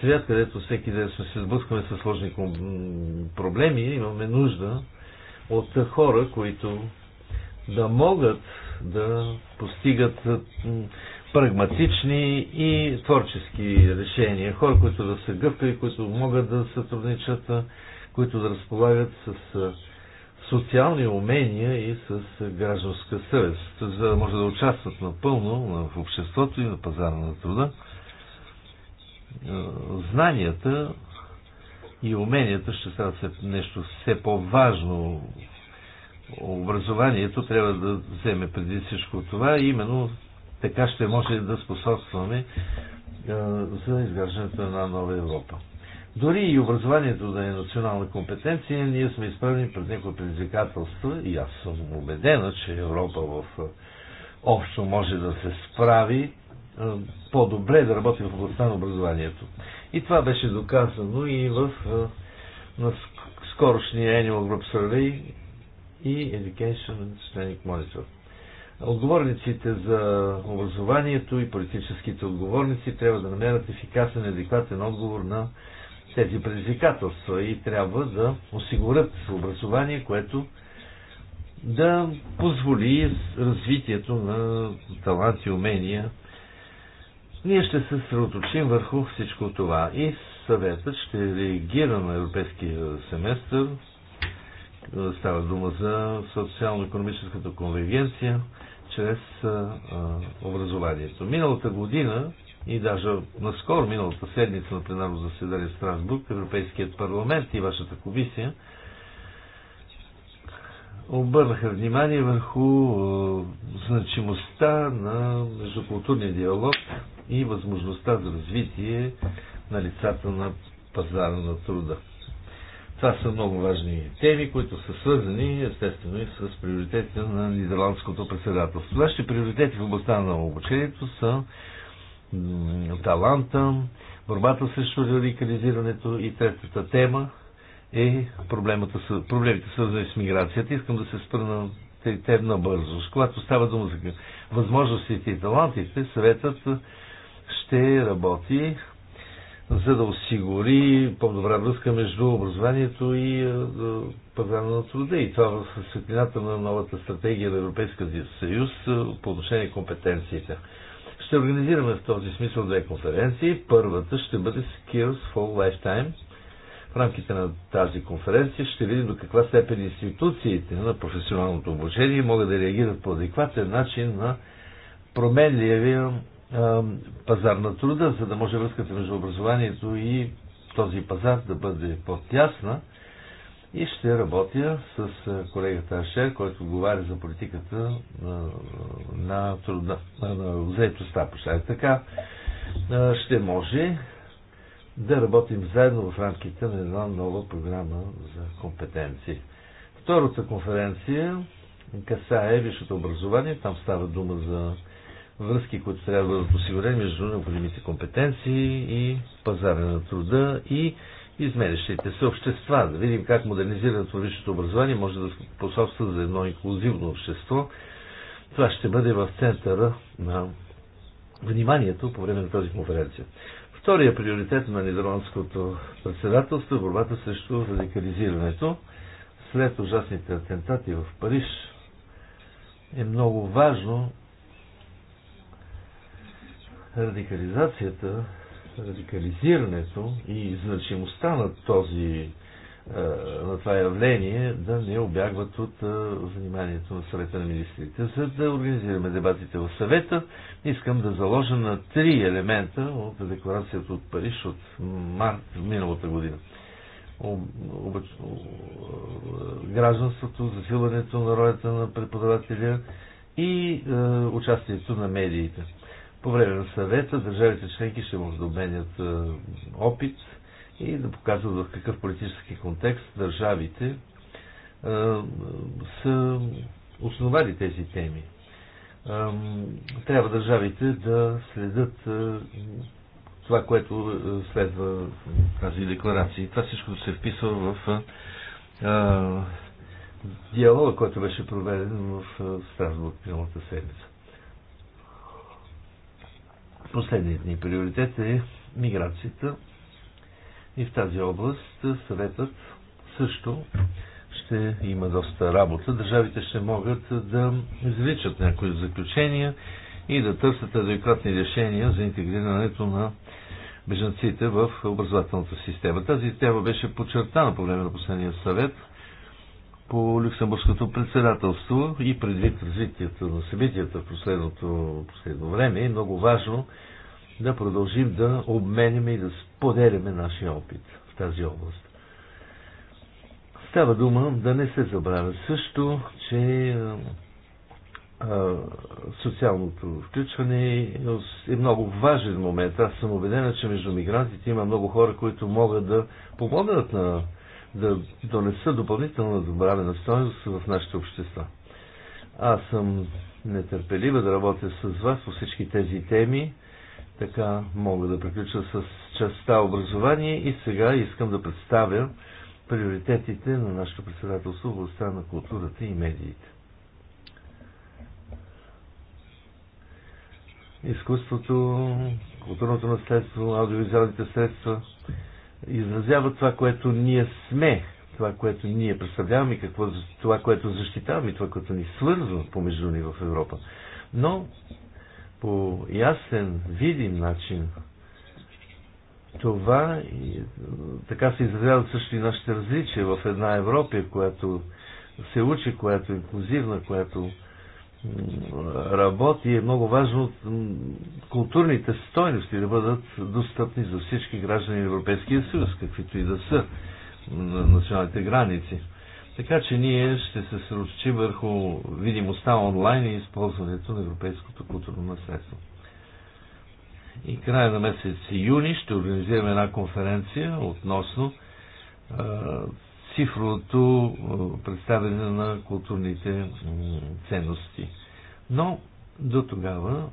свят, където всеки ден сме се сблъскваме с сложни проблеми, имаме нужда от хора, които да могат да постигат прагматични и творчески решения. Хора, които да са гъвкави, които могат да сътрудничат които да разполагат с социални умения и с гражданска съвест, за да може да участват напълно в обществото и на пазара на труда. Знанията и уменията ще стават нещо все по-важно. Образованието трябва да вземе преди всичко това и именно така ще може да способстваме за изграждането на нова Европа. Дори и образованието да е национална компетенция, ние сме изправени пред някои предизвикателства и аз съм убедена, че Европа в е, общо може да се справи е, по-добре да работи в областта на образованието. И това беше доказано и в е, на скорошния Annual Group Survey и Education and Training Monitor. Отговорниците за образованието и политическите отговорници трябва да намерят ефикасен и адекватен отговор на тези предизвикателства и трябва да осигурят образование, което да позволи развитието на таланти и умения. Ние ще се съсредоточим върху всичко това и съветът ще реагира на европейския семестър. Става дума за социално-економическата конвергенция чрез образованието. Миналата година и даже наскоро, миналата седмица на пленарно заседание в Страсбург, Европейският парламент и вашата комисия обърнаха внимание върху е, значимостта на междукултурния диалог и възможността за развитие на лицата на пазара на труда. Това са много важни теми, които са свързани естествено и с приоритетите на нидерландското председателство. Нашите приоритети в областта на обучението са таланта, борбата срещу радикализирането и третата тема е проблемата, проблемите свързани с миграцията. Искам да се спра на трите набързо. Когато става дума за възможностите и талантите, съветът ще работи за да осигури по-добра връзка между образованието и е, е, пазара на труда. И това в светлината на новата стратегия на Европейския съюз е, по отношение на компетенциите. Ще организираме в този смисъл две конференции. Първата ще бъде Skills for Lifetime. В рамките на тази конференция ще видим до каква степен институциите на професионалното обучение могат да реагират по адекватен начин на променливия пазар на труда, за да може връзката между образованието и този пазар да бъде по-тясна и ще работя с е, колегата Ашер, който говори за политиката е, на, труда, на заедостта. Пощай. Така е, ще може да работим заедно в рамките на една нова програма за компетенции. Втората конференция касае висшето образование. Там става дума за връзки, които трябва да бъдат осигурени между необходимите компетенции и пазара на труда и изменящите се общества, да видим как модернизирането на висшето образование може да способства за едно инклюзивно общество. Това ще бъде в центъра на вниманието по време на тази конференция. Втория приоритет на нидерландското председателство е борбата срещу радикализирането. След ужасните атентати в Париж е много важно радикализацията радикализирането и значимостта на този е, на това явление да не обягват от е, вниманието на съвета на министрите. За да организираме дебатите в съвета, искам да заложа на три елемента от декларацията от Париж от март миналата година. Е, гражданството, засилването на ролята на преподавателя и е, участието на медиите. По време на съвета държавите членки ще може да обменят е, опит и да показват в какъв политически контекст държавите е, са основали тези теми. Трябва държавите да следят е, това, което следва тази декларация. И това всичко се вписва в диалога, който беше проведен в Страсбург миналата седмица. Последният ни приоритет е миграцията и в тази област съветът също ще има доста работа. Държавите ще могат да извличат някои заключения и да търсят адекватни решения за интегрирането на беженците в образователната система. Тази тема беше подчертана по време на последния съвет – по Люксембургското председателство и предвид развитието на събитията в последното, последно време е много важно да продължим да обменяме и да споделяме нашия опит в тази област. Става дума да не се забравя също, че социалното включване е много важен момент. Аз съм убеден, че между мигрантите има много хора, които могат да помогнат на да донеса допълнителна добравена стойност в нашите общества. Аз съм нетърпелива да работя с вас по всички тези теми. Така мога да приключа с частта образование и сега искам да представя приоритетите на нашето председателство в областта на културата и медиите. Изкуството, културното наследство, аудиовизуалните средства – изразява това, което ние сме, това, което ние представляваме, какво, това, което защитаваме, това, което ни свързва помежду ни в Европа. Но по ясен, видим начин това така се изразяват също и нашите различия в една Европа, която се учи, която е инклюзивна, която работи е много важно културните стойности да бъдат достъпни за всички граждани на Европейския съюз, каквито и да са на националните граници. Така че ние ще се сръчи върху видимостта онлайн и използването на европейското културно наследство. И края на месец юни ще организираме една конференция относно цифровото представяне на културните ценности. Но до тогава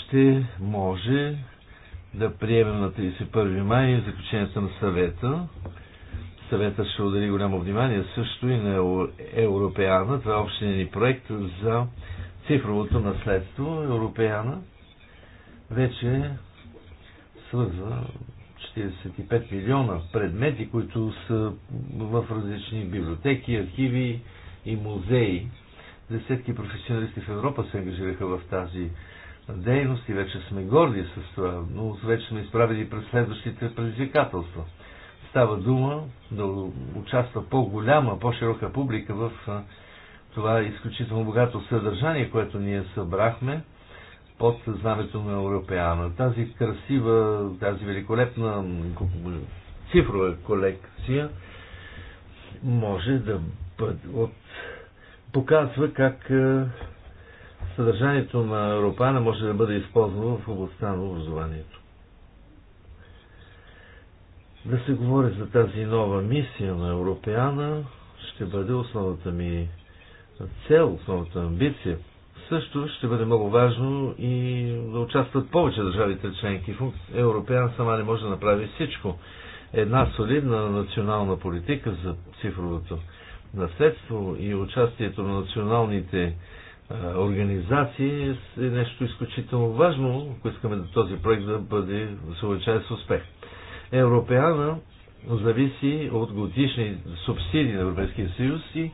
ще може да приемем на 31 май заключението на съвета. Съвета ще удари голямо внимание също и на Европеана. Това е общия ни проект за цифровото наследство. Европеана вече свързва 45 милиона предмети, които са в различни библиотеки, архиви и музеи. Десетки професионалисти в Европа се ангажираха в тази дейност и вече сме горди с това, но вече сме изправили през следващите предизвикателства. Става дума да участва по-голяма, по-широка публика в това изключително богато съдържание, което ние събрахме – под знамето на Европеана. Тази красива, тази великолепна цифрова колекция може да бъде от... показва как е, съдържанието на Европеана може да бъде използвано в областта на образованието. Да се говори за тази нова мисия на Европеана ще бъде основната ми цел, основната амбиция – също ще бъде много важно и да участват повече държавите членки. Европеян сама не може да направи всичко. Една солидна национална политика за цифровото наследство и участието на националните организации е нещо изключително важно, ако искаме да този проект да бъде съвечен с успех. Европеана зависи от годишни субсидии на Европейския съюз и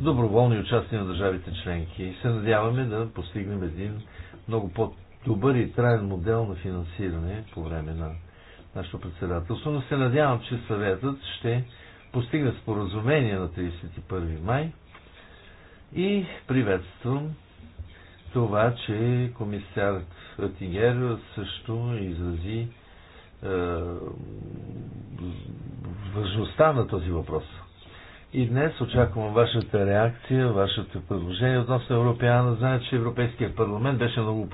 доброволни участия на държавите членки. И се надяваме да постигнем един много по-добър и траен модел на финансиране по време на нашето председателство. Но се надявам, че съветът ще постигне споразумение на 31 май и приветствам това, че комисарът Ротингер също изрази е, важността на този въпрос. И днес очаквам вашата реакция, вашето предложение относно Европеана. Знаят, че Европейския парламент беше много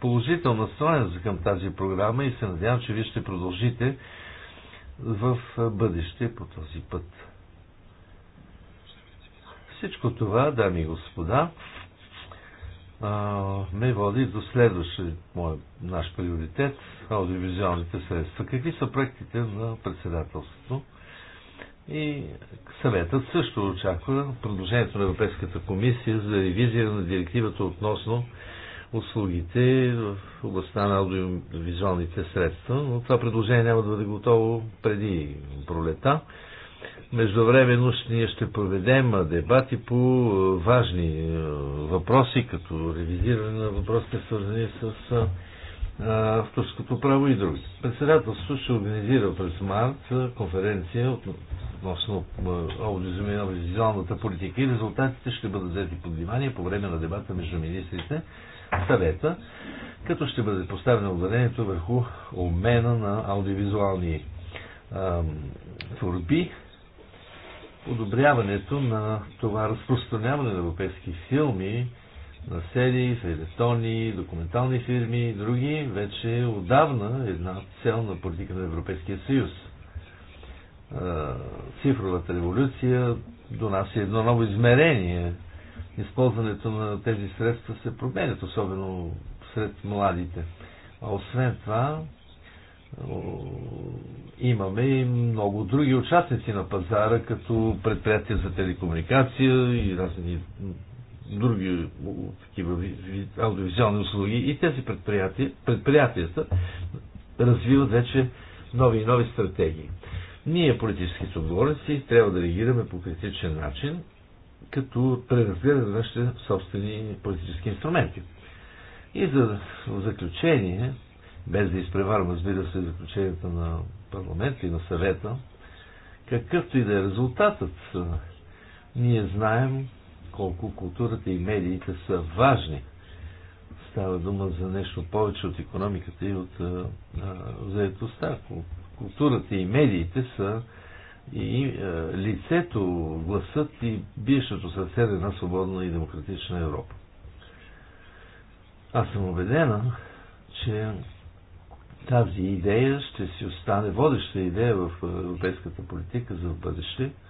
положително настроен към тази програма и се надявам, че вие ще продължите в бъдеще по този път. Всичко това, дами и господа, ме води до следващия наш приоритет аудиовизуалните средства. Какви са проектите на председателството? И съветът също очаква предложението на Европейската комисия за ревизия на директивата относно услугите в областта на аудиовизуалните средства, но това предложение няма да бъде готово преди пролета. Междувременно ние ще проведем дебати по е, важни е, въпроси, като ревизиране на въпросите, свързани с е, авторското право и други. Председателството ще организира през март конференция относно аудиовизуалната политика и резултатите ще бъдат взети под внимание по време на дебата между министрите в съвета, като ще бъде поставено ударението върху обмена на аудиовизуални творби, подобряването на това разпространяване на европейски филми, на серии, фейлетони, документални фирми и други, вече е отдавна една цел на политика на Европейския съюз. Цифровата революция донася едно ново измерение. Използването на тези средства се променят, особено сред младите. А освен това, имаме и много други участници на пазара, като предприятия за телекомуникация и разни други такива аудиовизуални услуги и тези предприятия, предприятията развиват вече нови и нови стратегии. Ние, политическите отговорници, трябва да реагираме по критичен начин, като преразгледаме нашите собствени политически инструменти. И за заключение, без да изпреварвам, разбира се, заключенията на парламента и на съвета, какъвто и да е резултатът, ние знаем, колко културата и медиите са важни. Става дума за нещо повече от економиката и от заедостта. Културата и медиите са и а, лицето, гласът и биещото сърце на една свободна и демократична Европа. Аз съм убедена, че тази идея ще си остане водеща идея в европейската политика за бъдеще –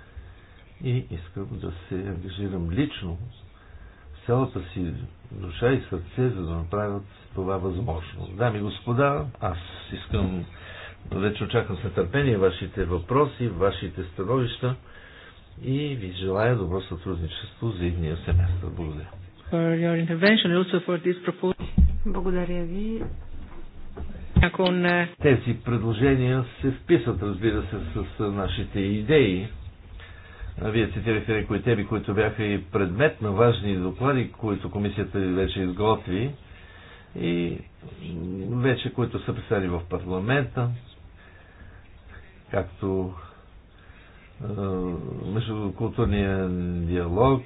и искам да се ангажирам лично с цялата си душа и сърце, за да направят това възможно. Дами и господа, аз искам, вече очаквам с нетърпение вашите въпроси, вашите становища и ви желая добро сътрудничество за идния семестър. Благодаря. Благодаря ви. Тези предложения се вписат, разбира се, с нашите идеи вие цитирахте някои теми, които бяха и предмет на важни доклади, които комисията вече изготви и вече които са писали в парламента, както междукултурния диалог,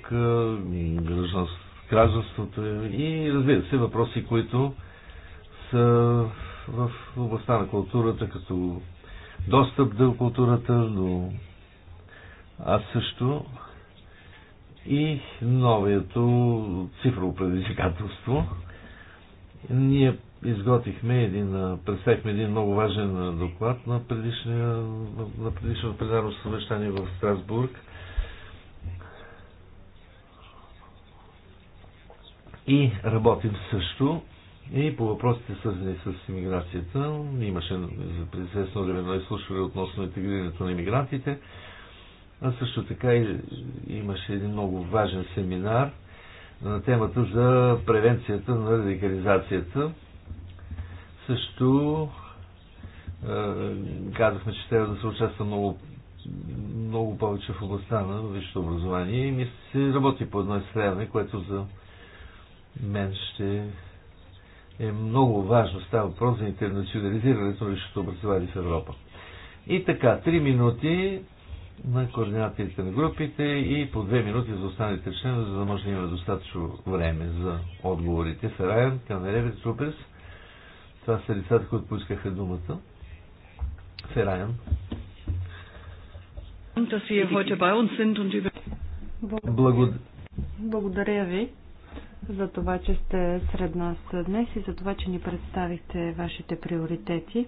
гражданството и разбира се въпроси, които са в областта на културата, като достъп до културата, до аз също и новието цифрово предизвикателство. Ние изготвихме един, представихме един много важен доклад на, на предишното пленарно съвещание в Страсбург. И работим също и по въпросите свързани с иммиграцията. Имаше за известно време едно изслушване относно интегрирането на иммигрантите. А също така имаше един много важен семинар на темата за превенцията на радикализацията. Също казахме, че трябва да се участва много, много повече в областта на висшето образование и мисля, се работи по едно изследване, което за мен ще е много важно. Става въпрос за интернационализирането на висшето образование в Европа. И така, три минути на координаторите на групите и по две минути за останалите членове, за да може да има достатъчно време за отговорите. Ферайан, Камеревец, Суперс. Това са лицата, които поискаха думата. Ферайан. Благодаря ви за това, че сте сред нас днес и за това, че ни представихте вашите приоритети.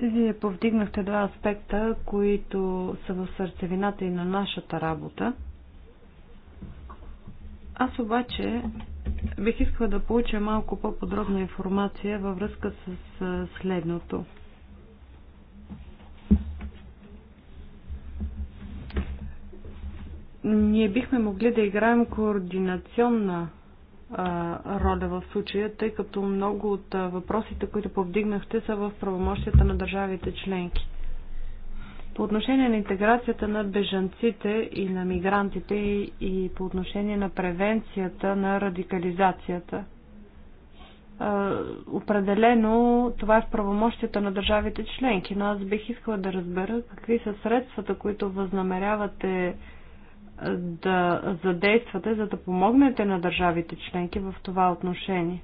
Вие повдигнахте два аспекта, които са в сърцевината и на нашата работа. Аз обаче бих искала да получа малко по-подробна информация във връзка с следното. Ние бихме могли да играем координационна роля в случая, тъй като много от въпросите, които повдигнахте, са в правомощията на държавите членки. По отношение на интеграцията на бежанците и на мигрантите и по отношение на превенцията на радикализацията. Определено това е в правомощията на държавите членки, но аз бих искала да разбера какви са средствата, които възнамерявате да задействате, за да помогнете на държавите членки в това отношение?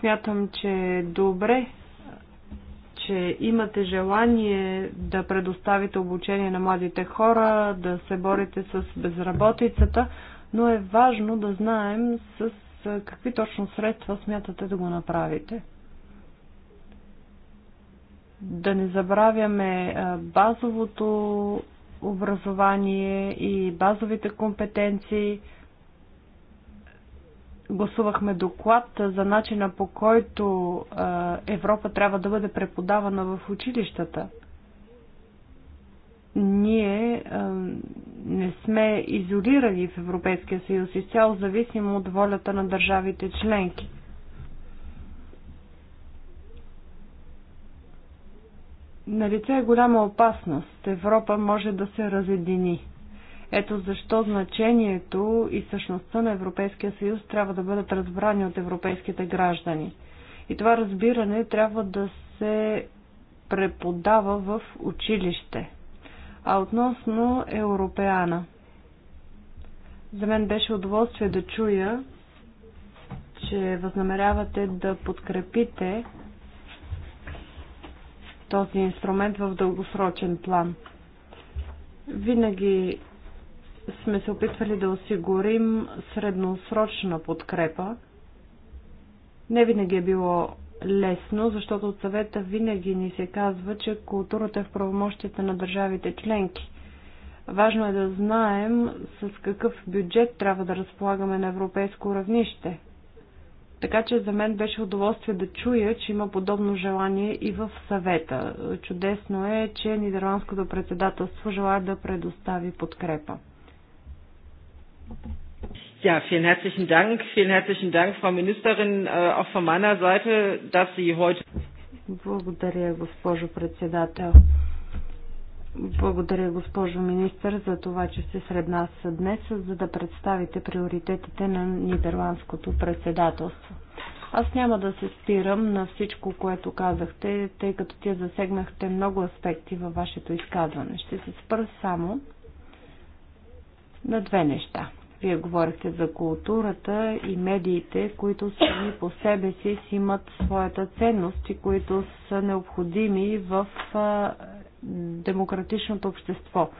Смятам, че е добре, че имате желание да предоставите обучение на младите хора, да се борите с безработицата, но е важно да знаем с какви точно средства смятате да го направите да не забравяме базовото образование и базовите компетенции. Гласувахме доклад за начина по който Европа трябва да бъде преподавана в училищата. Ние не сме изолирани в Европейския съюз, изцяло зависим от волята на държавите членки. Налице е голяма опасност. Европа може да се разедини. Ето защо значението и същността на Европейския съюз трябва да бъдат разбрани от европейските граждани. И това разбиране трябва да се преподава в училище. А относно Европеана. За мен беше удоволствие да чуя, че възнамерявате да подкрепите този инструмент в дългосрочен план. Винаги сме се опитвали да осигурим средносрочна подкрепа. Не винаги е било лесно, защото от съвета винаги ни се казва, че културата е в правомощите на държавите членки. Важно е да знаем с какъв бюджет трябва да разполагаме на европейско равнище – така че за мен беше удоволствие да чуя, че има подобно желание и в съвета. Чудесно е, че Нидерландското председателство желая да предостави подкрепа. Ja, vielen herzlichen Dank. Vielen herzlichen Dank, Frau Ministerin, äh, auch von meiner Seite, dass Sie heute. Благодаря, госпожо председател. Благодаря, госпожо министър, за това, че сте сред нас днес, за да представите приоритетите на нидерландското председателство. Аз няма да се спирам на всичко, което казахте, тъй като тя засегнахте много аспекти във вашето изказване. Ще се спра само на две неща. Вие говорихте за културата и медиите, които сами по себе си си имат своята ценност и които са необходими в демократичното общество.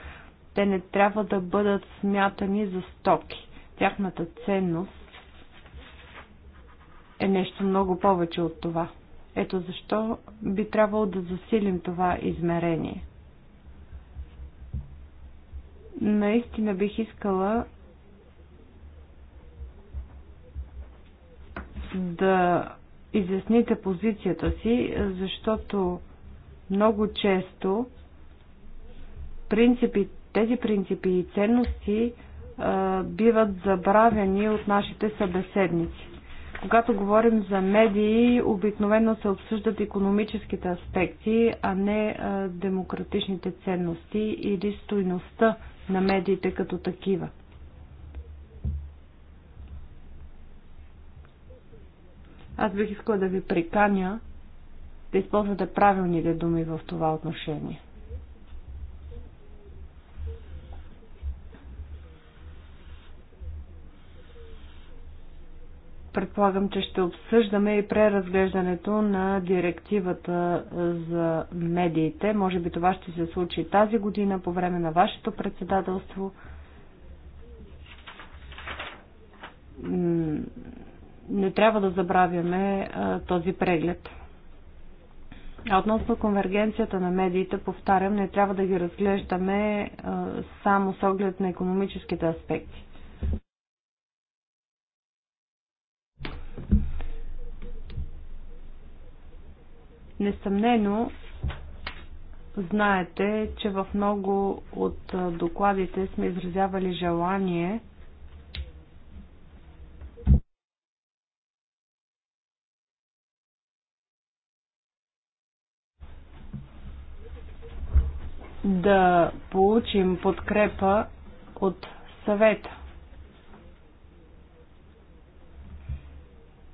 Те не трябва да бъдат смятани за стоки. Тяхната ценност е нещо много повече от това. Ето защо би трябвало да засилим това измерение. Наистина бих искала да изясните позицията си, защото много често принципи, тези принципи и ценности а, биват забравени от нашите събеседници. Когато говорим за медии, обикновено се обсъждат економическите аспекти, а не а, демократичните ценности или стойността на медиите като такива. Аз бих искала да ви приканя да използвате правилните думи в това отношение. предполагам, че ще обсъждаме и преразглеждането на директивата за медиите. Може би това ще се случи тази година по време на вашето председателство. Не трябва да забравяме този преглед относно конвергенцията на медиите, повтарям, не трябва да ги разглеждаме само с оглед на економическите аспекти. Несъмнено, знаете, че в много от докладите сме изразявали желание да получим подкрепа от съвета.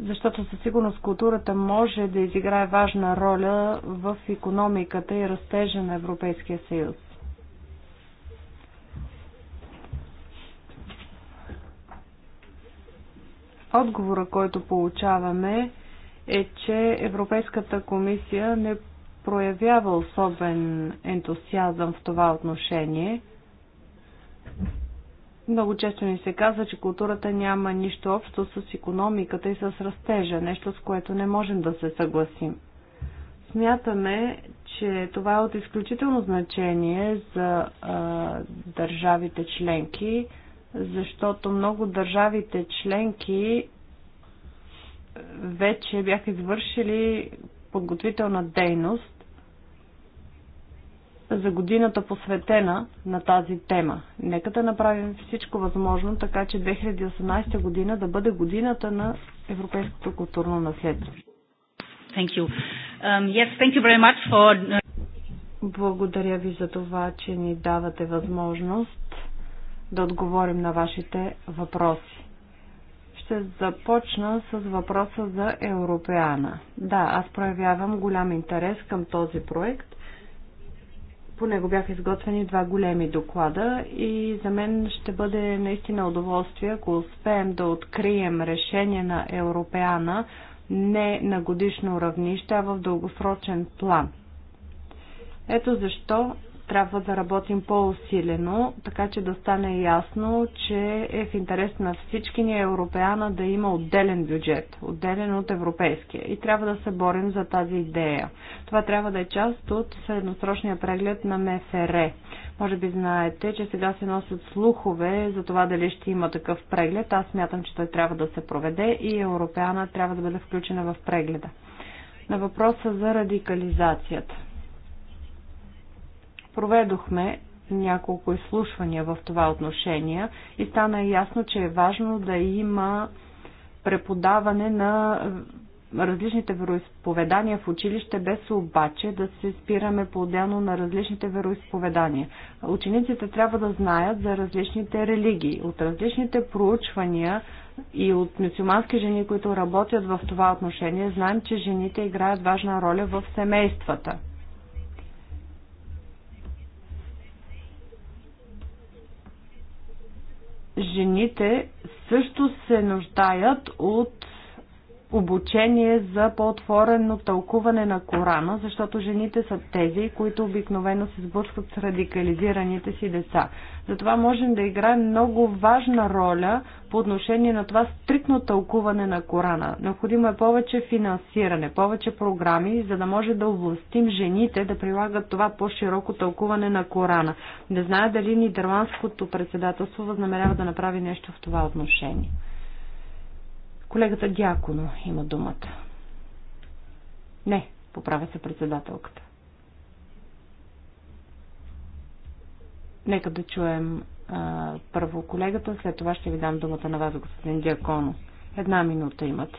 Защото със сигурност културата може да изиграе важна роля в економиката и растежа на Европейския съюз. Отговора, който получаваме, е, че Европейската комисия не проявява особен ентусиазъм в това отношение. Много често ни се казва, че културата няма нищо общо с економиката и с растежа, нещо с което не можем да се съгласим. Смятаме, че това е от изключително значение за а, държавите членки, защото много държавите членки вече бяха извършили подготвителна дейност за годината посветена на тази тема. Нека да направим всичко възможно, така че 2018 година да бъде годината на европейското културно наследство. Thank you. Um, yes, thank you very much for... Uh, Благодаря ви за това, че ни давате възможност да отговорим на вашите въпроси ще започна с въпроса за Европеана. Да, аз проявявам голям интерес към този проект. По него бяха изготвени два големи доклада и за мен ще бъде наистина удоволствие, ако успеем да открием решение на Европеана не на годишно равнище, а в дългосрочен план. Ето защо трябва да работим по-усилено, така че да стане ясно, че е в интерес на всички ни европеана да има отделен бюджет, отделен от европейския. И трябва да се борим за тази идея. Това трябва да е част от средносрочния преглед на МФР. Може би знаете, че сега се носят слухове за това дали ще има такъв преглед. Аз мятам, че той трябва да се проведе и европеана трябва да бъде включена в прегледа. На въпроса за радикализацията. Проведохме няколко изслушвания в това отношение и стана ясно, че е важно да има преподаване на различните вероисповедания в училище, без обаче да се спираме по-отделно на различните вероисповедания. Учениците трябва да знаят за различните религии. От различните проучвания и от мюсюлмански жени, които работят в това отношение, знаем, че жените играят важна роля в семействата. жените също се нуждаят от обучение за по-отворено тълкуване на Корана, защото жените са тези, които обикновено се сблъскват с радикализираните си деца. Затова можем да играем много важна роля по отношение на това стрикно тълкуване на Корана. Необходимо е повече финансиране, повече програми, за да може да областим жените да прилагат това по-широко тълкуване на Корана. Не зная дали нидерландското председателство възнамерява да направи нещо в това отношение. Колегата Дяконо има думата. Не, поправя се председателката. Нека да чуем а, първо колегата, след това ще ви дам думата на вас, господин Дяконо. Една минута имате.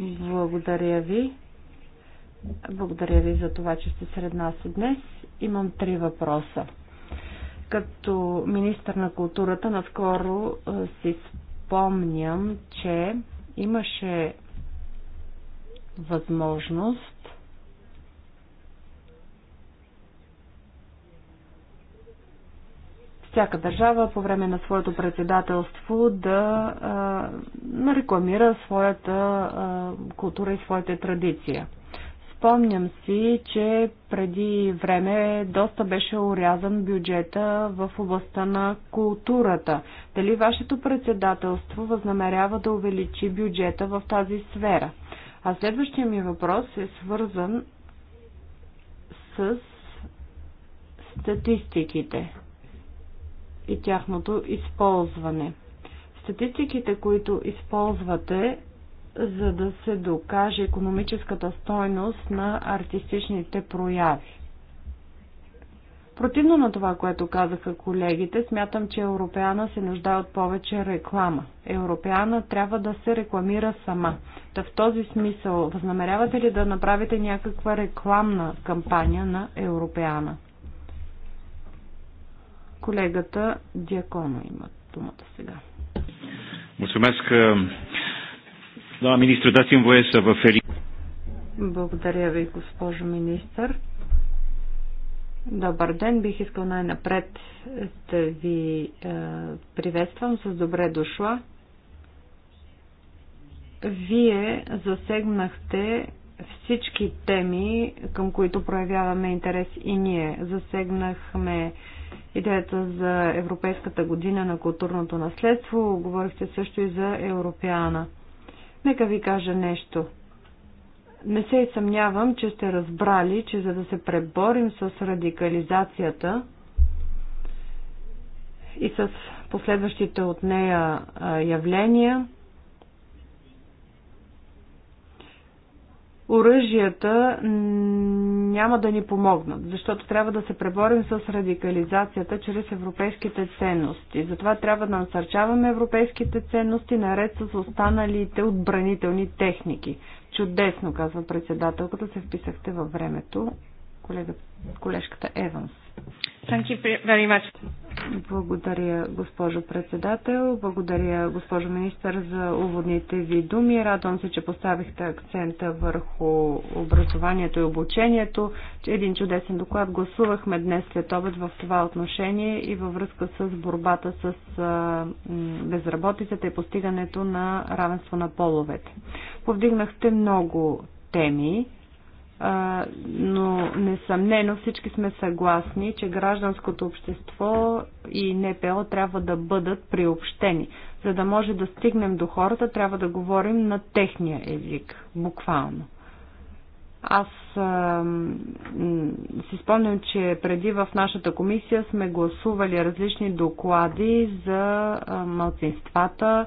Благодаря ви. Благодаря ви за това, че сте сред нас днес. Имам три въпроса. Като министър на културата наскоро си припомням, че имаше възможност всяка държава по време на своето председателство да а, рекламира своята а, култура и своите традиция. Спомням си, че преди време доста беше урязан бюджета в областта на културата. Дали вашето председателство възнамерява да увеличи бюджета в тази сфера? А следващия ми въпрос е свързан с статистиките и тяхното използване. Статистиките, които използвате, за да се докаже економическата стойност на артистичните прояви. Противно на това, което казаха колегите, смятам, че Европеана се нуждае от повече реклама. Европеана трябва да се рекламира сама. Та в този смисъл, възнамерявате ли да направите някаква рекламна кампания на Европеана? Колегата Диакона има думата сега. Mulțumesc да, министр, им воеса в Ели. Благодаря ви, госпожо министър. Добър ден, бих искал най-напред да ви е, приветствам с добре дошла. Вие засегнахте всички теми, към които проявяваме интерес и ние. Засегнахме идеята за Европейската година на културното наследство, говорихте също и за Европеана – Нека ви кажа нещо. Не се съмнявам, че сте разбрали, че за да се преборим с радикализацията и с последващите от нея явления, оръжията няма да ни помогнат, защото трябва да се преборим с радикализацията чрез европейските ценности. Затова трябва да насърчаваме европейските ценности наред с останалите отбранителни техники. Чудесно, казва председателката, се вписахте във времето колега, колежката Еванс. Thank you very much. Благодаря, госпожо председател. Благодаря, госпожо министър, за уводните ви думи. Радвам се, че поставихте акцента върху образованието и обучението. Един чудесен доклад гласувахме днес след обед в това отношение и във връзка с борбата с безработицата и постигането на равенство на половете. Повдигнахте много теми но несъмнено всички сме съгласни, че гражданското общество и НПО трябва да бъдат приобщени. За да може да стигнем до хората, трябва да говорим на техния език, буквално. Аз а, си спомням, че преди в нашата комисия сме гласували различни доклади за а, малцинствата,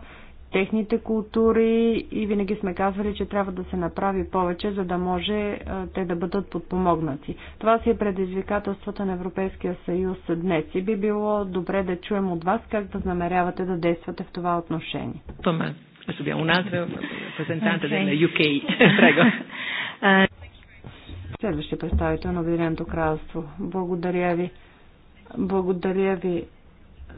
техните култури и винаги сме казвали, че трябва да се направи повече, за да може те да бъдат подпомогнати. Това си е предизвикателствата на Европейския съюз днес и би било добре да чуем от вас как да намерявате да действате в това отношение. Тома, аз бях UK. [laughs] Следващия представител на Обединеното кралство. Благодаря ви. Благодаря ви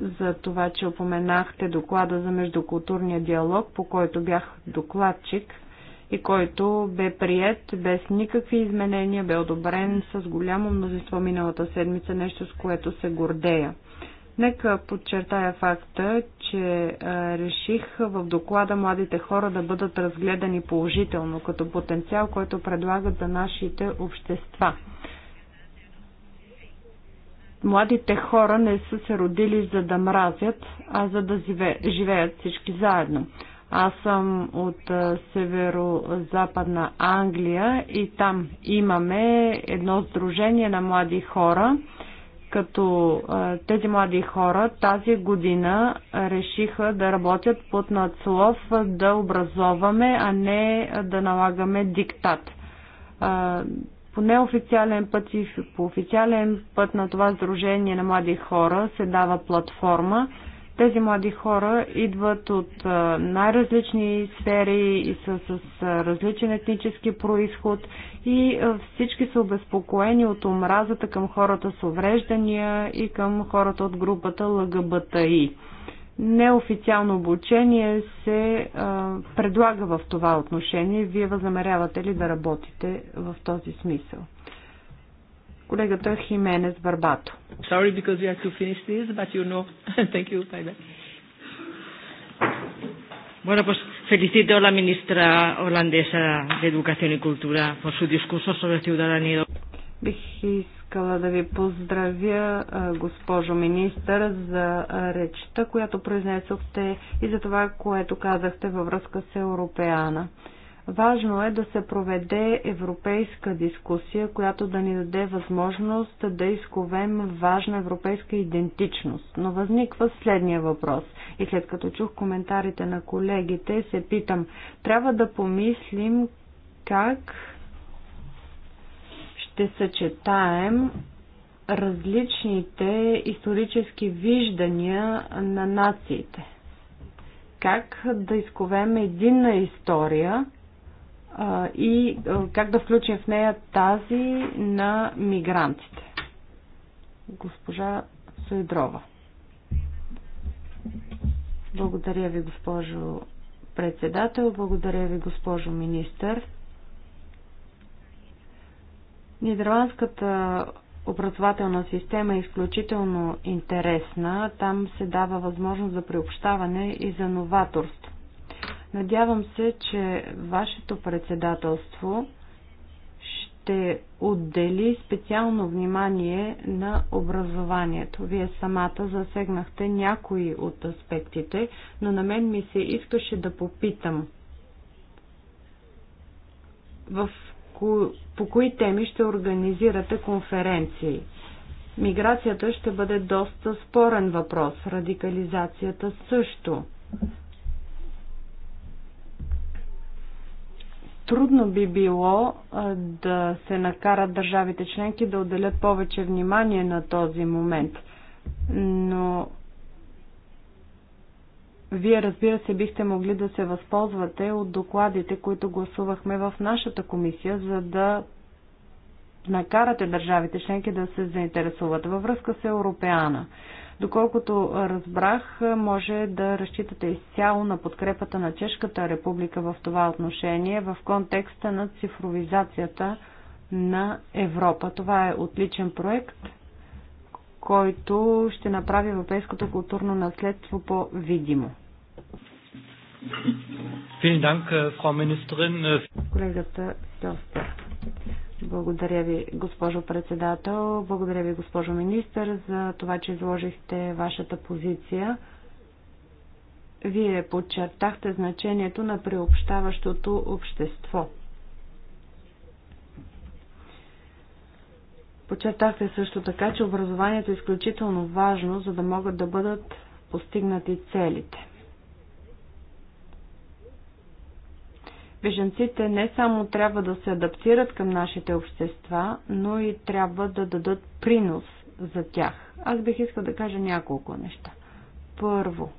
за това, че опоменахте доклада за междукултурния диалог, по който бях докладчик и който бе прият без никакви изменения, бе одобрен с голямо мнозинство миналата седмица, нещо с което се гордея. Нека подчертая факта, че е, реших в доклада младите хора да бъдат разгледани положително като потенциал, който предлагат за нашите общества – Младите хора не са се родили за да мразят, а за да живеят всички заедно. Аз съм от северо-западна Англия и там имаме едно сдружение на млади хора, като тези млади хора тази година решиха да работят под надслов да образоваме, а не да налагаме диктат по неофициален път и по официален път на това сдружение на млади хора се дава платформа. Тези млади хора идват от най-различни сфери и са с различен етнически происход и всички са обезпокоени от омразата към хората с увреждания и към хората от групата ЛГБТИ неофициално обучение се а, предлага в това отношение. Вие възнамерявате ли да работите в този смисъл? Колегата Хименес Барбато. Sorry because we have to finish this, but you know. Thank you. Bye bye. Bueno, pues felicito a la ministra holandesa de Educación y Cultura por su discurso sobre ciudadanía. Бих искала да ви поздравя, госпожо министър, за речта, която произнесохте и за това, което казахте във връзка с Европеана. Важно е да се проведе европейска дискусия, която да ни даде възможност да изковем важна европейска идентичност. Но възниква следния въпрос. И след като чух коментарите на колегите, се питам, трябва да помислим как ще съчетаем различните исторически виждания на нациите. Как да изковем единна история и как да включим в нея тази на мигрантите. Госпожа Сойдрова. Благодаря ви, госпожо председател. Благодаря ви, госпожо министър. Нидерландската образователна система е изключително интересна. Там се дава възможност за приобщаване и за новаторство. Надявам се, че вашето председателство ще отдели специално внимание на образованието. Вие самата засегнахте някои от аспектите, но на мен ми се искаше да попитам в по кои теми ще организирате конференции? Миграцията ще бъде доста спорен въпрос, радикализацията също. трудно би било да се накарат държавите членки да отделят повече внимание на този момент. Но вие, разбира се, бихте могли да се възползвате от докладите, които гласувахме в нашата комисия, за да накарате държавите членки да се заинтересуват във връзка с Европеана. Доколкото разбрах, може да разчитате изцяло на подкрепата на Чешката република в това отношение в контекста на цифровизацията на Европа. Това е отличен проект който ще направи европейското културно наследство по-видимо. Äh, äh, Колегата Сьостер. Благодаря ви, госпожо председател. Благодаря ви, госпожо министър, за това, че изложихте вашата позиция. Вие подчертахте значението на приобщаващото общество – Почертахте също така, че образованието е изключително важно, за да могат да бъдат постигнати целите. Беженците не само трябва да се адаптират към нашите общества, но и трябва да дадат принос за тях. Аз бих искал да кажа няколко неща. Първо,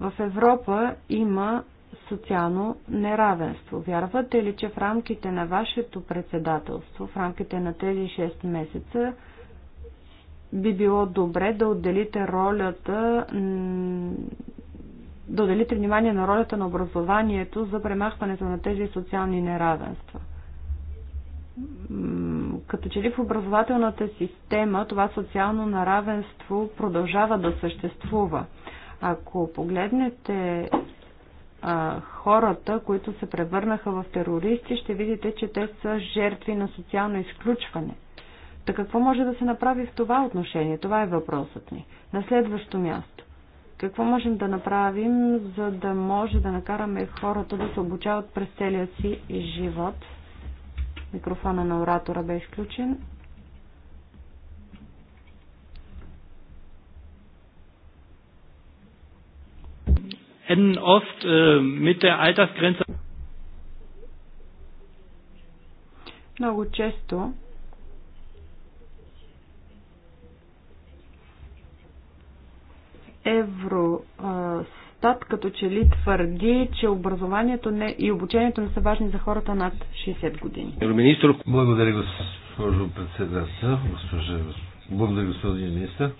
в Европа има социално неравенство. Вярвате ли, че в рамките на вашето председателство, в рамките на тези 6 месеца, би било добре да отделите ролята да отделите внимание на ролята на образованието за премахването на тези социални неравенства. Като че ли в образователната система това социално наравенство продължава да съществува. Ако погледнете а, хората, които се превърнаха в терористи, ще видите, че те са жертви на социално изключване. Та какво може да се направи в това отношение? Това е въпросът ни. На следващо място. Какво можем да направим, за да може да накараме хората да се обучават през целия си живот? Микрофона на оратора бе изключен. enden oft äh, mit der Altersgrenze. Na Много често Евростат като че ли твърди, че образованието не, и обучението не са важни за хората над 60 години. Министр, благодаря госпожо председател, госпожа, благодаря господин министр.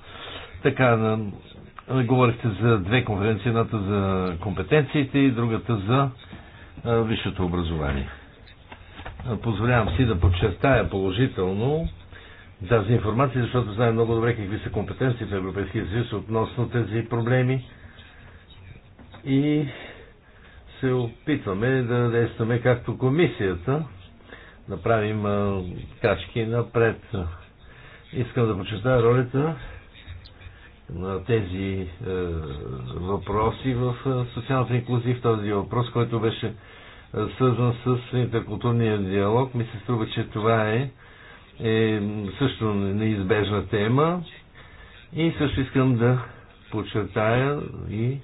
Така, на Говорихте за две конференции, едната за компетенциите и другата за висшето образование. Позволявам си да подчертая положително тази информация, защото знаем много добре какви са компетенции в Европейския съюз относно тези проблеми и се опитваме да действаме както комисията, направим правим напред. Искам да подчертая ролята на тези е, въпроси в е, социалната инклюзия, в този въпрос, който беше е, свързан с интеркултурния диалог. Ми се струва, че това е, е също неизбежна тема. И също искам да подчертая и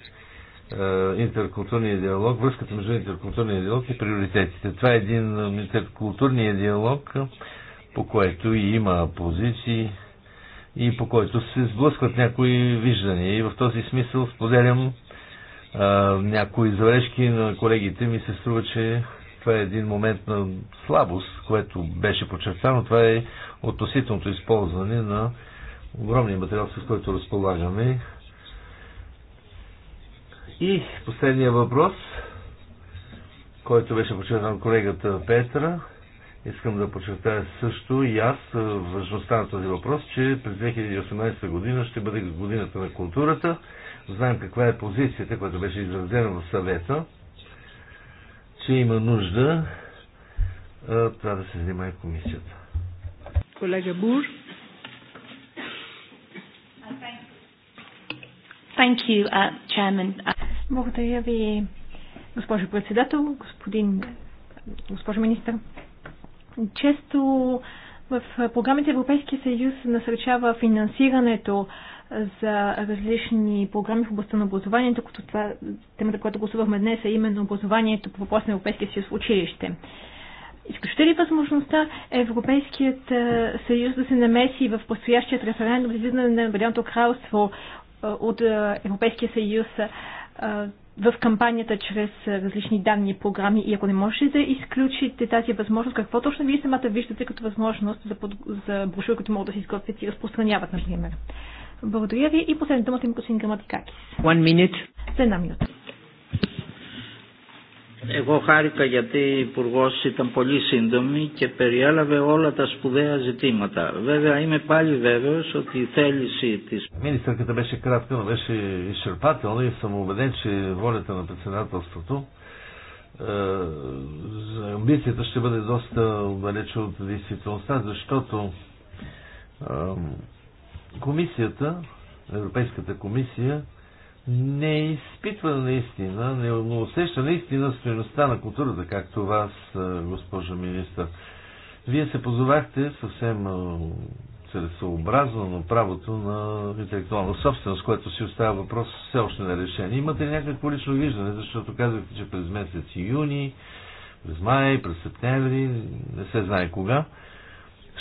интеркултурния диалог, връзката между интеркултурния диалог и приоритетите. Това е един интеркултурния диалог, по което и има позиции, и по който се сблъскват някои виждания. И в този смисъл споделям а, някои забележки на колегите. Ми се струва, че това е един момент на слабост, което беше подчертано. Това е относителното използване на огромния материал, с който разполагаме. И последния въпрос, който беше подчертан колегата Петра – Искам да подчертая също и аз важността на този въпрос, че през 2018 година ще бъде годината на културата. Знаем каква е позицията, която беше изразена в съвета, че има нужда това да се занимае комисията. Колега Бур. Thank you, uh, chairman. Благодаря ви, госпожо председател, господин, госпожо министър. Често в програмите Европейския съюз насърчава финансирането за различни програми в областта на образованието, като това темата, която гласувахме днес, е именно образованието по въпрос на Европейския съюз в училище. Изключите ли възможността Европейският съюз да се намеси в предстоящият референдум за излизане на Великото кралство от Европейския съюз в кампанията чрез различни данни и програми и ако не можете да изключите тази възможност, какво точно вие самата виждате като възможност за, под... за брошури, които могат да се изготвят и разпространяват, например? Благодаря ви и последната думата ми господин Граматикакис. One minute. За една минута. Εγώ χάρηκα γιατί η υπουργό ήταν πολύ σύντομη και περιέλαβε όλα τα σπουδαία ζητήματα. Βέβαια είμαι πάλι βέβαιος ότι η θέληση της... Министърката беше кратка, но беше изчерпателна и съм убеден, че волята на председателството е, амбицията ще бъде доста далече от действителността, защото е, комисията, Европейската комисия, не изпитва наистина, не, не усеща наистина стоеността на културата, както вас, госпожа министър. Вие се позовахте съвсем целесообразно на правото на интелектуална собственост, което си остава въпрос все още на решение. Имате ли някакво лично виждане, защото казахте, че през месец юни, през май, през септември, не се знае кога,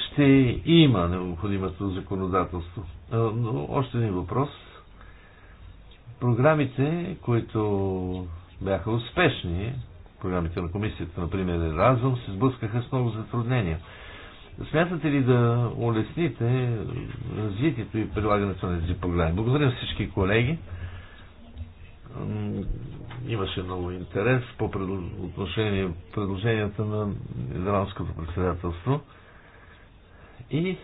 ще има необходимото законодателство. Но още един въпрос – Програмите, които бяха успешни, програмите на комисията, например Разум, се сблъскаха с много затруднения. Смятате ли да улесните развитието и прилагането на тези програми? Благодаря на всички колеги. Имаше много интерес по отношение предложенията на Нидерландското председателство. И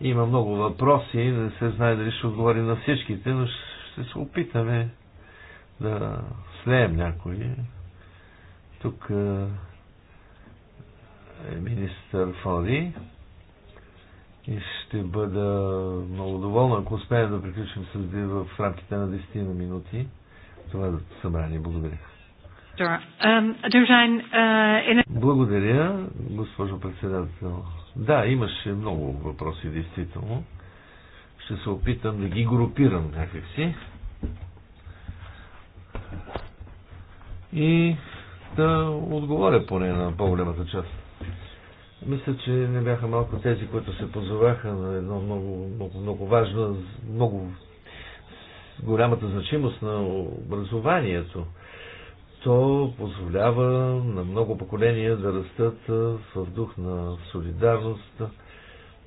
има много въпроси, не се знае дали ще отговори на всичките, но ще ще се опитаме да слеем някои. Тук е, е министър Фоди и ще бъда много доволна, ако успеем да приключим с в рамките на 10 на минути. Това е събрание. Благодаря. Um, е, е Благодаря, госпожо председател. Да, имаше много въпроси, действително ще се опитам да ги групирам някакси. И да отговоря поне на по-голямата част. Мисля, че не бяха малко тези, които се позоваха на едно много, много, много важно, много голямата значимост на образованието. То позволява на много поколения да растат в дух на солидарност,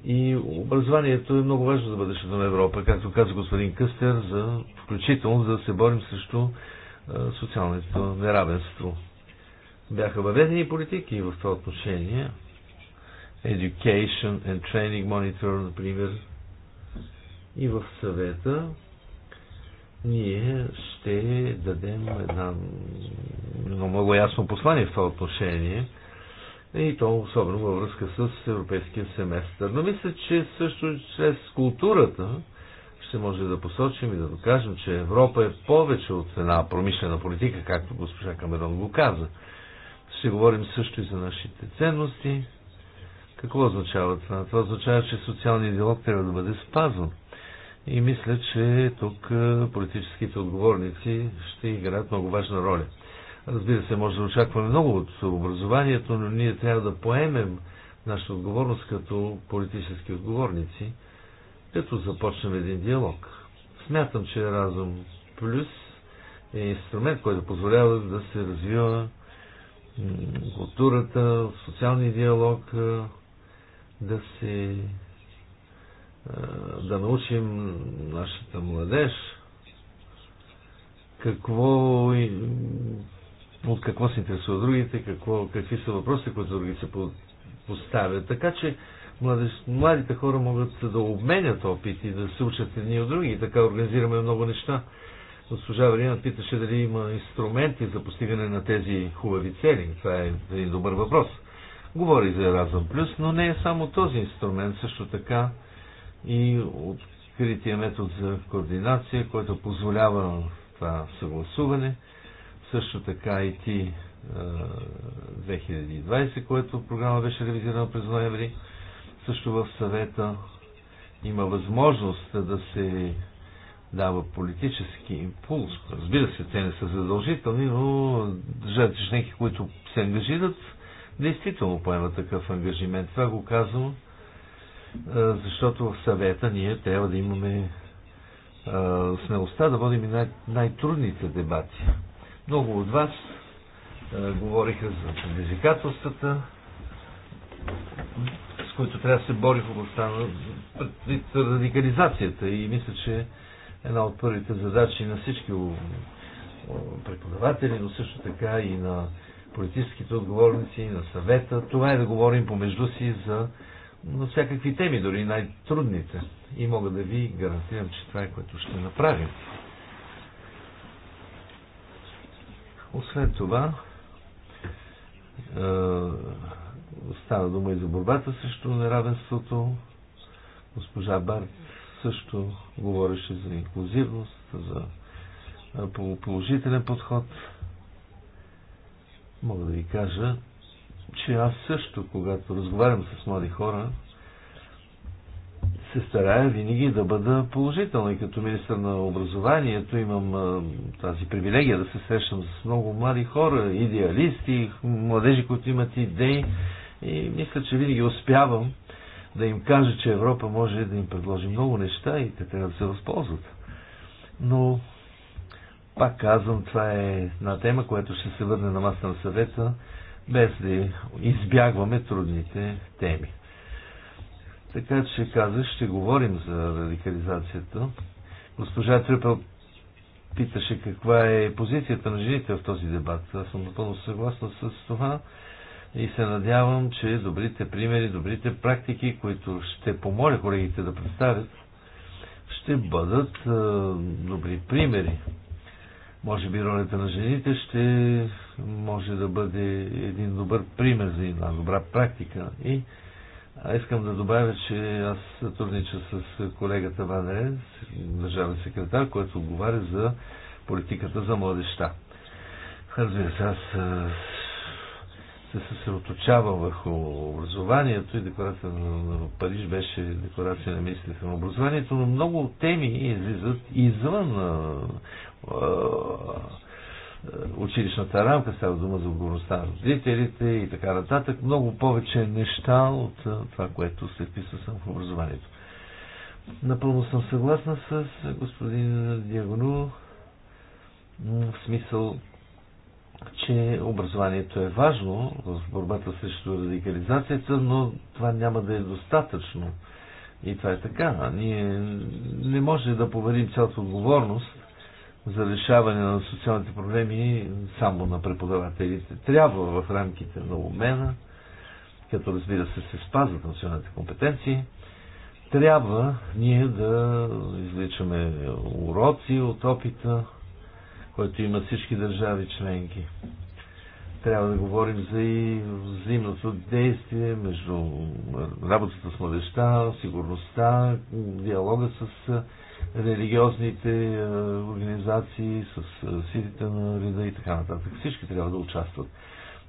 и образованието е много важно за бъдещето на Европа, както каза господин Къстер, за, включително за да се борим срещу социалното неравенство. Бяха въведени политики в това отношение. Education and Training Monitor, например. И в съвета ние ще дадем една, едно много ясно послание в това отношение – и то особено във връзка с европейския семестър. Но мисля, че също чрез културата ще може да посочим и да докажем, че Европа е повече от една промишлена политика, както госпожа Камерон го каза. Ще говорим също и за нашите ценности. Какво означава това? Това означава, че социалният диалог трябва да бъде спазван. И мисля, че тук политическите отговорници ще играят много важна роля. Разбира се, може да очакваме много от образованието, но ние трябва да поемем нашата отговорност като политически отговорници, като започнем един диалог. Смятам, че разум плюс е инструмент, който позволява да се развива културата, социалния диалог, да се да научим нашата младеж какво от какво се интересуват другите, какво, какви са въпроси, които други се поставят. Така че младеж, младите хора могат да обменят опит и да се учат едни от други. И така организираме много неща. Госпожа Варина питаше дали има инструменти за постигане на тези хубави цели. Това е един добър въпрос. Говори за Еразъм Плюс, но не е само този инструмент, също така и открития метод за координация, който позволява това съгласуване също така IT 2020, е, което програма беше ревизирана през ноември. Също в съвета има възможност да се дава политически импулс. Разбира се, те не са задължителни, но държавите членки, които се ангажират, действително поемат такъв ангажимент. Това го казвам, е, защото в съвета ние трябва да имаме е, смелостта да водим най- най-трудните дебати. Много от вас е, говориха за предизвикателствата, с които трябва да се бори в областта на радикализацията. И мисля, че една от първите задачи на всички преподаватели, но също така и на политическите отговорници, и на съвета, това е да говорим помежду си за на всякакви теми, дори най-трудните. И мога да ви гарантирам, че това е което ще направим. Освен това, стана дума и за борбата срещу неравенството. Госпожа Барт също говореше за инклюзивност, за положителен подход. Мога да ви кажа, че аз също, когато разговарям с млади хора, се старая винаги да бъда положителна. И като министър на образованието имам а, тази привилегия да се срещам с много млади хора, идеалисти, младежи, които имат идеи. И мисля, че винаги успявам да им кажа, че Европа може да им предложи много неща и те трябва да се възползват. Но, пак казвам, това е една тема, която ще се върне на маса на съвета, без да избягваме трудните теми. Така че казах, ще говорим за радикализацията. Госпожа Трюпел питаше каква е позицията на жените в този дебат. Аз съм напълно съгласна с това и се надявам, че добрите примери, добрите практики, които ще помоля колегите да представят, ще бъдат е, добри примери. Може би ролята на жените ще може да бъде един добър пример за една добра практика. И а искам да добавя, че аз сътруднича с колегата Ване, държавен секретар, който отговаря за политиката за младеща. Разбира се, аз се съсредоточавам върху образованието и декларацията на Париж беше декларация на министрите на образованието, но много теми излизат извън е, училищната рамка, става дума за отговорността на родителите и така нататък. Много повече неща от е, това, което се вписва съм в образованието. Напълно съм съгласна с е, господин Диагону в смисъл, че образованието е важно в борбата срещу радикализацията, но това няма да е достатъчно. И това е така. Ние не може да поверим цялата отговорност за решаване на социалните проблеми само на преподавателите. Трябва в рамките на умена, като разбира се се спазват националните компетенции, трябва ние да извличаме уроци от опита, който има всички държави членки. Трябва да говорим за и взаимното действие между работата с младеща, сигурността, диалога с религиозните организации, с силите на реда и така нататък. Всички трябва да участват.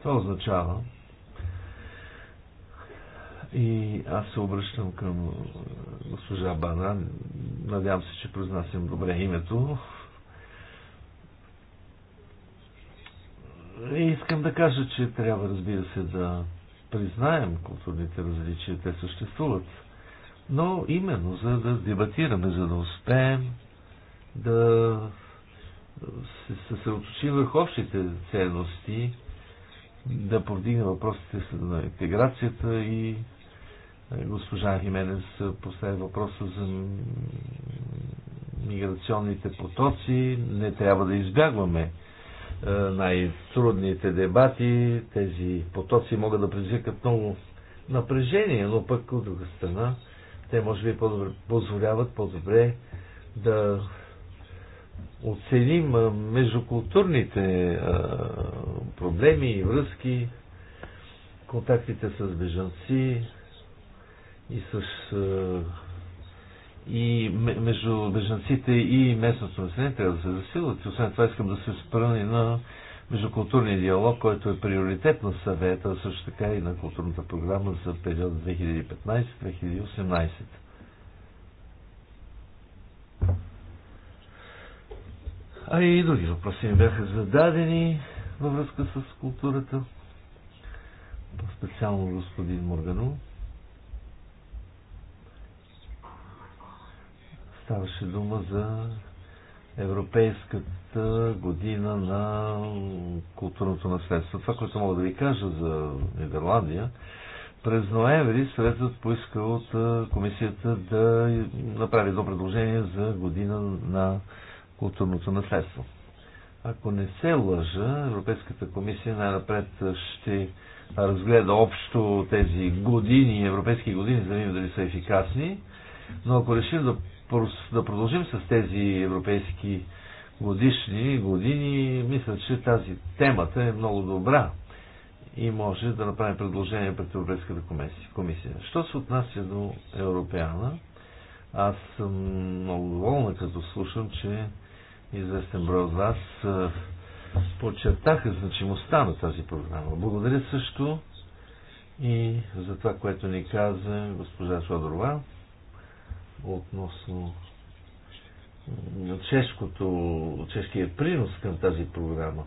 Това означава, и аз се обръщам към госпожа Бана, надявам се, че произнасям добре името, И искам да кажа, че трябва, разбира се, да признаем културните различия. Те съществуват но именно за да дебатираме, за да успеем да се съсредоточим върху общите ценности, да повдигне въпросите на интеграцията и е, госпожа Хименес е, постави въпроса за миграционните потоци. Не трябва да избягваме е, най-трудните дебати. Тези потоци могат да предизвикат много напрежение, но пък от друга страна те може би позволяват по-добре да оценим междукултурните проблеми и връзки, контактите с бежанци и с и между бежанците и местното население трябва да се засилват. освен това искам да се спра на междукултурния диалог, който е приоритет на съвета, също така и на културната програма за период 2015-2018. А и други въпроси ми бяха зададени във връзка с културата. По-специално господин Моргану. Ставаше дума за Европейската година на културното наследство. Това, което мога да ви кажа за Нидерландия, през ноември съветът поиска от комисията да направи едно предложение за година на културното наследство. Ако не се лъжа, Европейската комисия най-напред ще разгледа общо тези години, европейски години, за да видим дали са ефикасни. Но ако решим да да продължим с тези европейски годишни години, мисля, че тази темата е много добра и може да направим предложение пред Европейската комисия. Що се отнася до Европеана, аз съм много доволна, като слушам, че известен брой от вас подчертаха значимостта на тази програма. Благодаря също и за това, което ни каза госпожа Сладорова относно чешкото, чешкия принос към тази програма.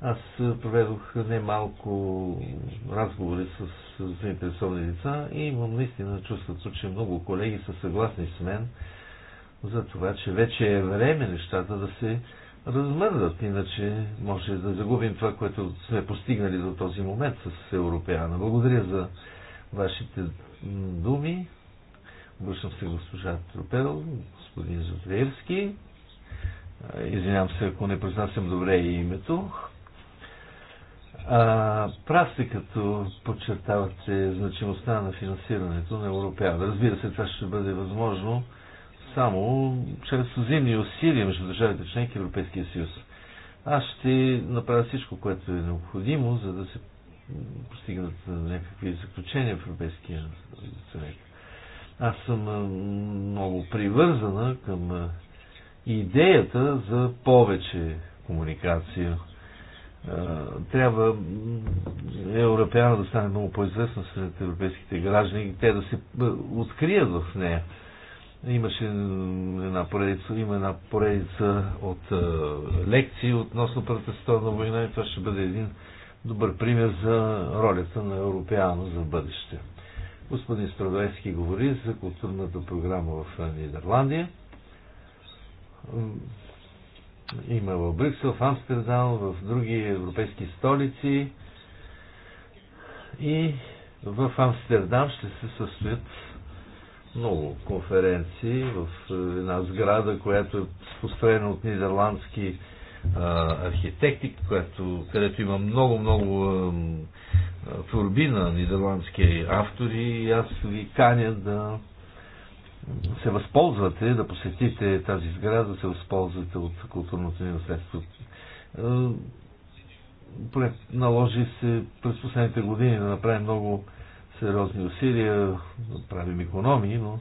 Аз проведох немалко разговори с заинтересовани лица и имам наистина чувството, че много колеги са съгласни с мен за това, че вече е време нещата да се размърдат, иначе може да загубим това, което сме постигнали до този момент с Европеана. Благодаря за вашите думи. Обръщам се госпожа Тропел, господин Зотреевски. Извинявам се, ако не произнасям добре и името. А, прав сте, като подчертавате значимостта на финансирането на Европеана. Разбира се, това ще бъде възможно само чрез взаимни усилия между държавите членки и Европейския съюз. Аз ще направя всичко, което е необходимо, за да се постигнат някакви заключения в Европейския съвет. Аз съм много привързана към идеята за повече комуникация. Трябва Европеана да стане много по-известна сред европейските граждани и те да се открият в нея. Имаше една поредица, има една поредица от лекции относно Първата световна война и това ще бъде един добър пример за ролята на Европеано за бъдеще. Господин Страдайски говори за културната програма в Нидерландия. Има в Брюксел, в Амстердам, в други европейски столици. И в Амстердам ще се състоят много конференции в една сграда, която е построена от нидерландски архитекти, което, където има много-много творби на нидерландски автори и аз ви каня да се възползвате, да посетите тази сграда, да се възползвате от културното ни наследство. Наложи се през последните години да направим много сериозни усилия, да правим економии, но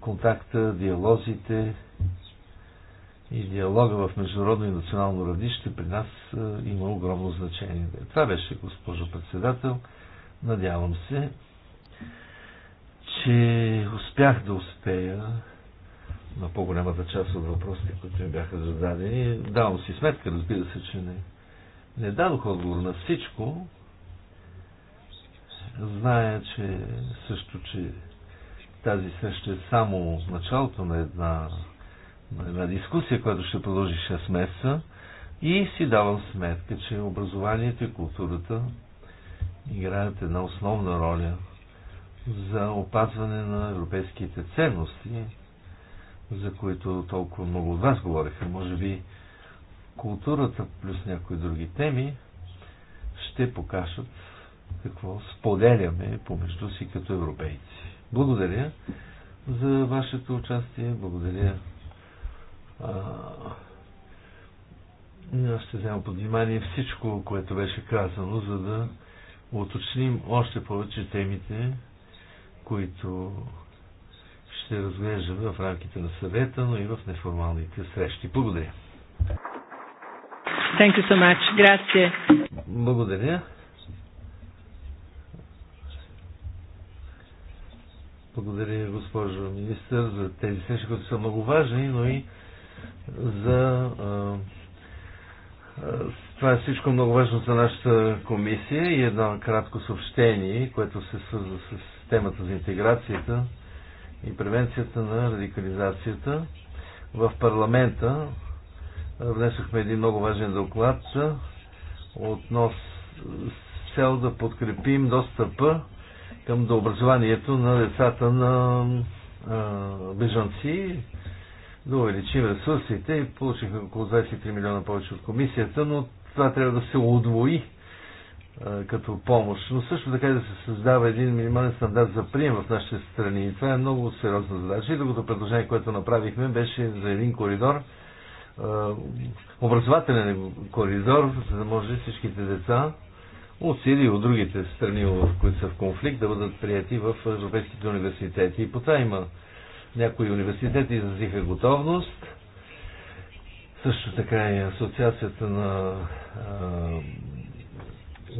контакта, диалозите и диалога в международно и национално равнище при нас е, има огромно значение. Това беше, госпожо председател. Надявам се, че успях да успея на по-голямата част от въпросите, които ми бяха зададени. Давам си сметка, разбира се, че не, не дадох отговор на всичко. Зная, че също, че тази среща е само началото на една на една дискусия, която ще продължи 6 месеца и си давам сметка, че образованието и културата играят една основна роля за опазване на европейските ценности, за които толкова много от вас говориха. Може би културата плюс някои други теми ще покажат какво споделяме помежду си като европейци. Благодаря за вашето участие, благодаря аз ще взема под внимание всичко, което беше казано, за да уточним още повече темите, които ще разглеждаме в рамките на съвета, но и в неформалните срещи. Благодаря. Thank you so much. Grazie. Благодаря. Благодаря, госпожо министър, за тези срещи, които са много важни, но и за това е всичко много важно за нашата комисия и едно кратко съобщение, което се свързва с темата за интеграцията и превенцията на радикализацията. В парламента внесохме един много важен доклад относ с цел да подкрепим достъпа към до образованието на децата на бежанци, да увеличим ресурсите. и Получихме около 23 милиона повече от комисията, но това трябва да се удвои като помощ, но също така и да се създава един минимален стандарт за прием в нашите страни. И това е много сериозна задача. И другото предложение, което направихме, беше за един коридор, образователен коридор, за да може всичките деца от Сирия и от другите страни, в които са в конфликт, да бъдат прияти в европейските университети. И по това има някои университети изразиха готовност. Също така и Асоциацията на а,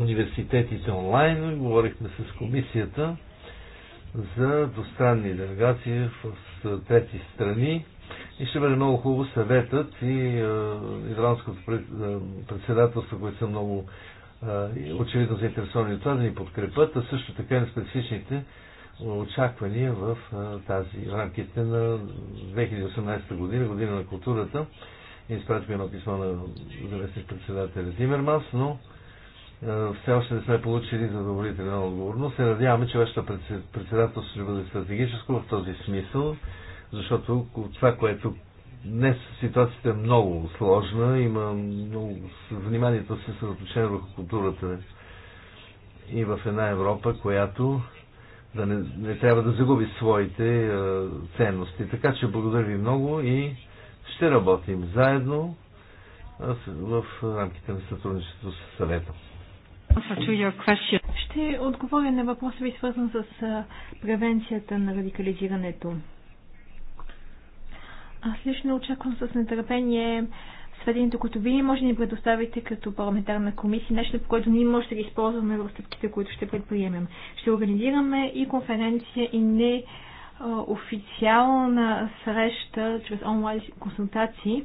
университетите онлайн. Говорихме с комисията за двустранни делегации в трети страни. И ще бъде много хубаво съветът и е, ирландското председателство, които са много очевидно заинтересовани от това да ни подкрепят, а също така и на специфичните очаквания в тази рамките на 2018 година, година на културата. Изпратихме е едно писмо на заместник председателя Зимермас, но все още не сме получили задоволителен отговор. Но се надяваме, че вашето председателство ще бъде стратегическо в този смисъл, защото това, което днес ситуацията е много сложна, има много... вниманието се съсредоточено върху културата и в една Европа, която да не, не трябва да загуби своите е, ценности. Така че благодаря ви много и ще работим заедно в рамките на сътрудничеството с съвета. Ще отговоря на въпроса ви, свързан с превенцията на радикализирането. Аз лично очаквам с нетърпение Сведението, които вие може да ни предоставите като парламентарна комисия, нещо по което ние може да ги използваме в стъпките, които ще предприемем. Ще организираме и конференция, и не официална среща чрез онлайн консултации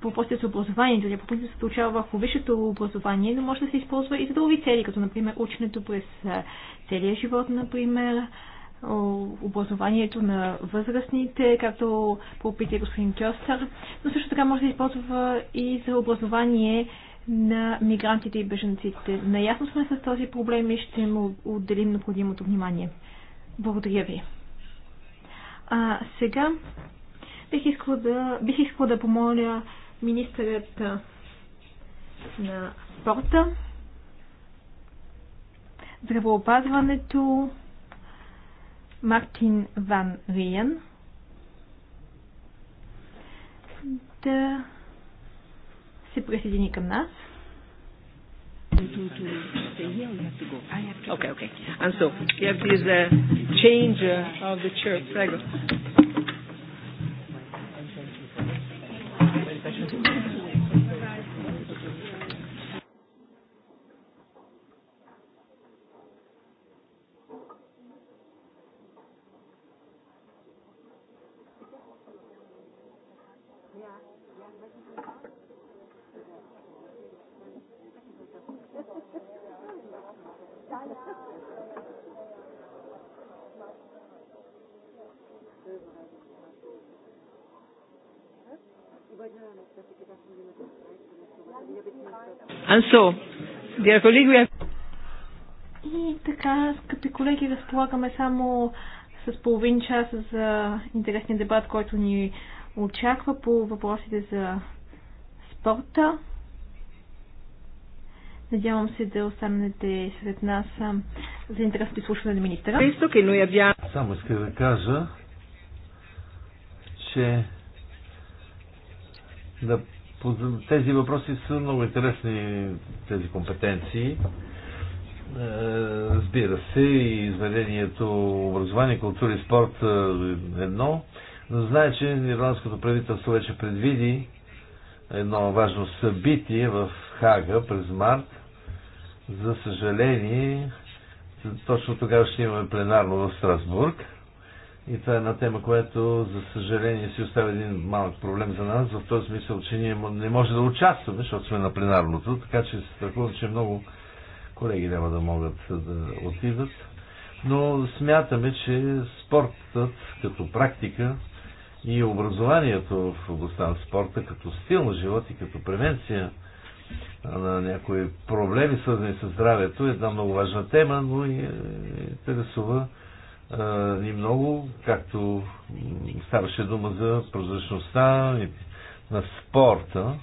по въпросите за образование, дори по принцип се получава върху висшето образование, но може да се използва и за други цели, като например ученето през целия живот, например, образованието на възрастните, както попита господин Кьостър, но също така може да използва и за образование на мигрантите и беженците. Наясно сме с този проблем и ще му отделим необходимото внимание. Благодаря ви. А, сега бих искала да, бих искала да помоля министърът на спорта, здравеопазването, Martin van Риен да се присъедини към нас. Okay, okay. And so we have this uh, change uh, of the chair. Prego. So, dear И така, скъпи колеги, разполагаме само с половин час за интересния дебат, който ни очаква по въпросите за спорта. Надявам се да останете сред нас за интересното изслушване на министъра. Само иска да кажа, че да тези въпроси са много интересни, тези компетенции. Е, разбира се, и изведението образование, култура и спорт е, едно. Но знае, че Ирландското правителство вече предвиди едно важно събитие в Хага през март. За съжаление, точно тогава ще имаме пленарно в Страсбург. И това е една тема, която, за съжаление, си оставя един малък проблем за нас, в този смисъл, че ние не може да участваме, защото сме на пленарното, така че се страхувам, че много колеги няма да могат да отидат. Но смятаме, че спортът като практика и образованието в областта на спорта като стил на живот и като превенция на някои проблеми, свързани с здравето, е една много важна тема, но и е, интересува ни много, както ставаше дума за прозрачността на спорта,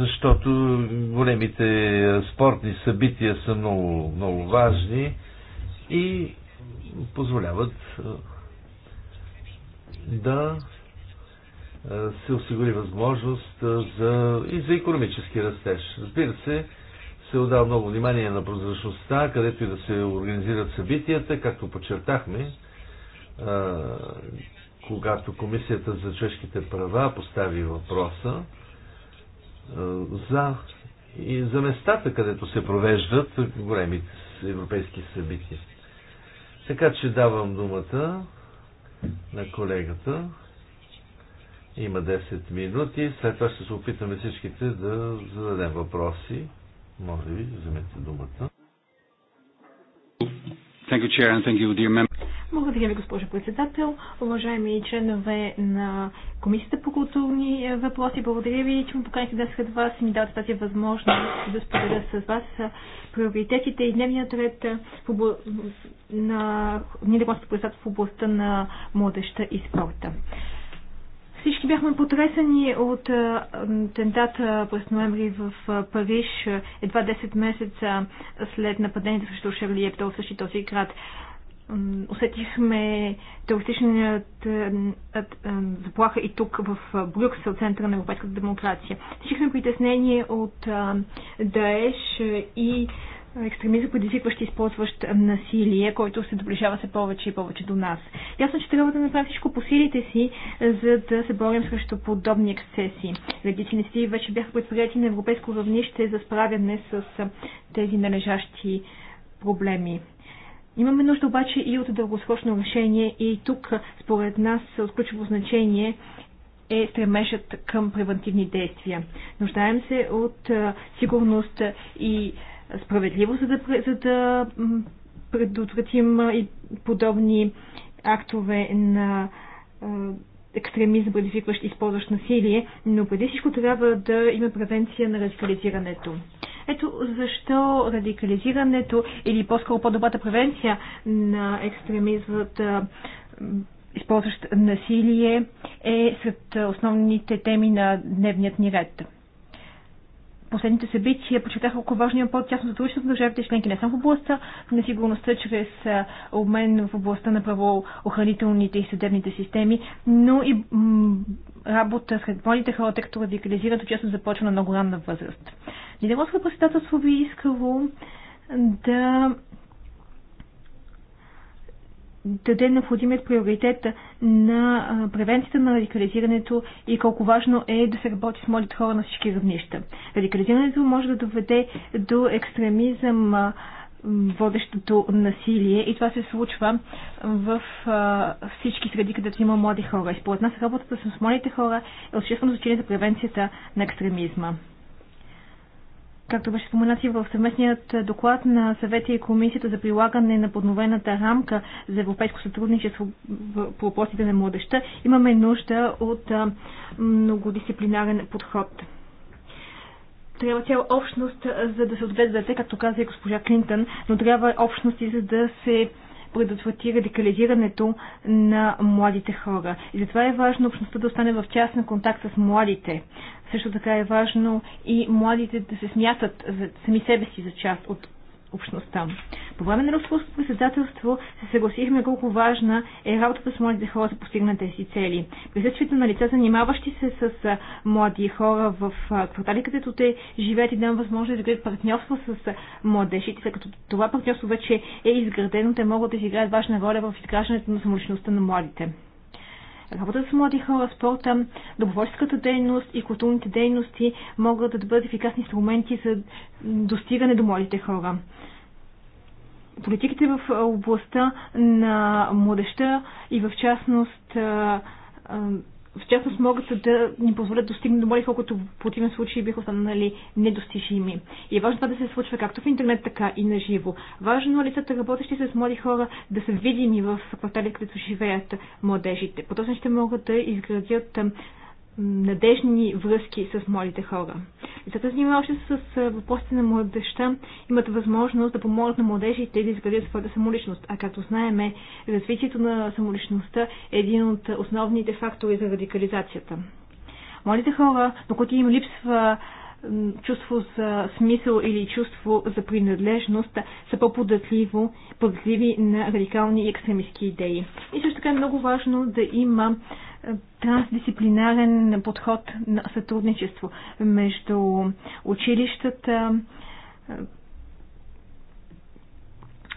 защото големите спортни събития са много, много важни и позволяват да се осигури възможност за, и за економически растеж. Разбира се, се отдава много внимание на прозрачността, където и да се организират събитията, както подчертахме, когато Комисията за човешките права постави въпроса за, и за местата, където се провеждат големите европейски събития. Така че давам думата на колегата. Има 10 минути. След това ще се опитаме всичките да зададем въпроси. Може ви, вземете думата. Thank you, Chair, and thank you, dear members. Благодаря ви, госпожо председател. Уважаеми членове на Комисията по културни въпроси, благодаря ви, че ме поканите днес след вас и ми дадете тази възможност да споделя с вас приоритетите и дневният ред в обл... на Нидерландското председателство в областта на младеща и спорта. Всички бяхме потресени от тентата през ноември в Париж, едва 10 месеца след нападението срещу Шарли Ебдо в същия този град. Усетихме терористичният заплаха и тук в Брюксел, центъра на европейската демокрация. Всички притеснение от Даеш и екстремизъм, предизвикващ и използващ насилие, който се доближава се повече и повече до нас. Ясно, че трябва да направим всичко по силите си, е, за да се борим срещу подобни ексцеси. Редици си вече бяха предприяти на европейско равнище за справяне с е, тези належащи проблеми. Имаме нужда обаче и от дългосрочно решение и тук, е, според нас, от ключово значение е стремежът към превентивни действия. Нуждаем се от сигурност и справедливо, за да, за да предотвратим и подобни актове на екстремизъм, предизвикващ използващ насилие, но преди всичко трябва да има превенция на радикализирането. Ето защо радикализирането или по-скоро по-добрата превенция на екстремизмът, използващ насилие, е сред основните теми на дневният ни ред последните събития почетаха колко важно е по-тясно сътрудничество на държавите членки не само в областта на сигурността, чрез обмен в областта на правоохранителните и съдебните системи, но и работа с младите хора, тъй като радикализирането често започва на много ранна възраст. Нидерландското председателство би искало да даде необходимият приоритет на превенцията на радикализирането и колко важно е да се работи с младите хора на всички равнища. Радикализирането може да доведе до екстремизъм, водещото насилие и това се случва в всички среди, където има млади хора. И според нас работата с младите хора е от значение за превенцията на екстремизма както беше споменати в съвместният доклад на съвета и комисията за прилагане на подновената рамка за европейско сътрудничество по въпросите на младеща, имаме нужда от многодисциплинарен подход. Трябва цяла общност, за да се отгледа както каза и госпожа Клинтън, но трябва общности, за да се предотврати радикализирането на младите хора. И затова е важно общността да остане в частен контакт с младите. Също така е важно и младите да се смятат за сами себе си за част от общността. По време на руското председателство се съгласихме колко важна е работата с младите хора за постигнат тези цели. Присъствието на лица, занимаващи се с млади хора в квартали, където те живеят и дам възможност да изградят партньорство с младежите, тъй като това партньорство вече е изградено, те могат да изиграят важна роля в изграждането на самоличността на младите работата с млади хора, спорта, доброволческата дейност и културните дейности могат да бъдат ефикасни инструменти за достигане до младите хора. Политиките в областта на младеща и в частност в частност могат да ни позволят да достигнем до моли, колкото в противен случай биха останали недостижими. И е важно това да се случва както в интернет, така и на живо. Важно е лицата, работещи с млади хора, да са видими в квартали, където живеят младежите. По този ще могат да изградят надежни връзки с младите хора. Лицата, занимаващи се с въпросите на младеща, имат възможност да помогнат на младежите да изградят своята самоличност. А както знаеме, развитието на самоличността е един от основните фактори за радикализацията. Младите хора, на които им липсва чувство за смисъл или чувство за принадлежност са по-податливо, податливи на радикални и екстремистски идеи. И също така е много важно да има е, трансдисциплинарен подход на сътрудничество между училищата, е,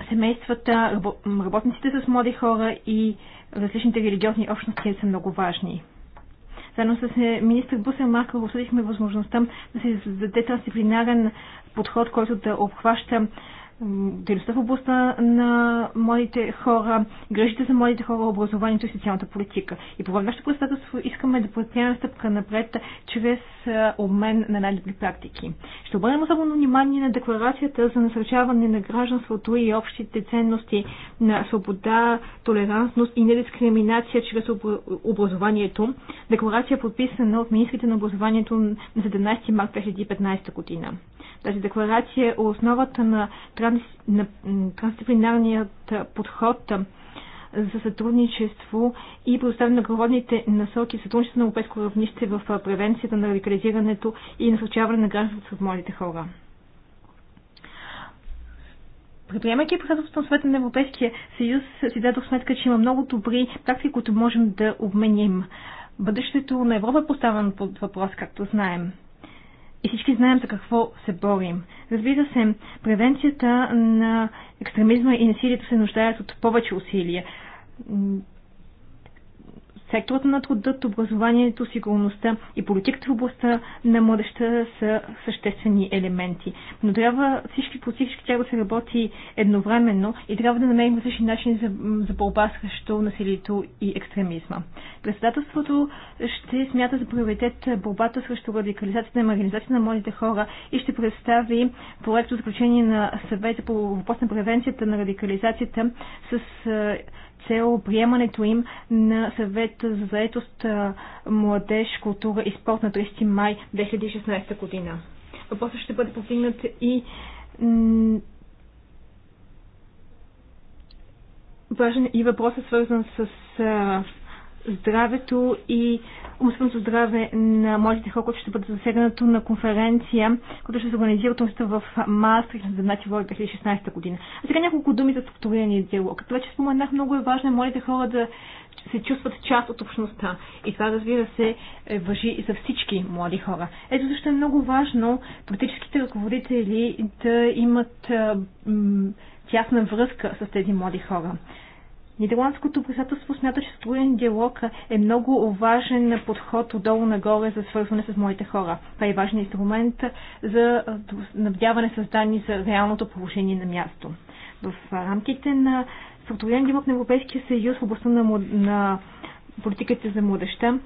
семействата, работниците с млади хора и различните религиозни общности са много важни. Заедно с е, министър Бусен Марка обсъдихме възможността да се създаде дисциплинарен подход, който да обхваща дейността в областта на младите хора, грижите за младите хора, образованието и социалната политика. И по вашето представителство искаме да предприемем стъпка напред чрез е, обмен на най-добри практики. Ще обърнем особено внимание на декларацията за насърчаване на гражданството и общите ценности на свобода, толерантност и недискриминация чрез образованието. Декларация подписана от министрите на образованието на 17 март 2015 година. Тази декларация е основата на, транс, на трансдисциплинарният подход за сътрудничество и на главодните насоки в сътрудничество на европейско равнище в превенцията на радикализирането и насърчаване на гражданството в младите хора. Предприемайки председателството на света на Европейския съюз, си дадох сметка, че има много добри практики, които можем да обменим. Бъдещето на Европа е поставено под въпрос, както знаем и всички знаем за какво се борим. Разбира се, превенцията на екстремизма и насилието се нуждаят от повече усилия. Секторът на труда, образованието, сигурността и политиката в областта на младеща са съществени елементи. Но трябва всички по всички трябва да се работи едновременно и трябва да намерим различни начини за, за борба срещу насилието и екстремизма. Председателството ще смята за приоритет борбата срещу радикализацията и маргинализацията на младите хора и ще представи проект заключение на съвета по въпрос на превенцията на радикализацията с цел приемането им на съвет за заетост, младеж, култура и спорт на 30 май 2016 година. Въпросът ще бъде повдигнат и важен и въпросът е свързан с здравето и умственото здраве на младите хора, които ще бъдат засегнато на конференция, която ще се организира относно в Мастрих на 17 вой 2016 година. А сега няколко думи за структурирания диалог. Като вече споменах, много е важно младите хора да се чувстват част от общността. И това, разбира се, е, въжи и за всички млади хора. Ето защо е много важно политическите ръководители да имат тясна връзка с тези млади хора. Нидерландското председателство смята, че струен диалог е много важен подход отдолу нагоре за свързване с моите хора. Това е важен инструмент за набдяване с данни за реалното положение на място. В рамките на структурен диалог на Европейския съюз в областта на, на политиката за младеща,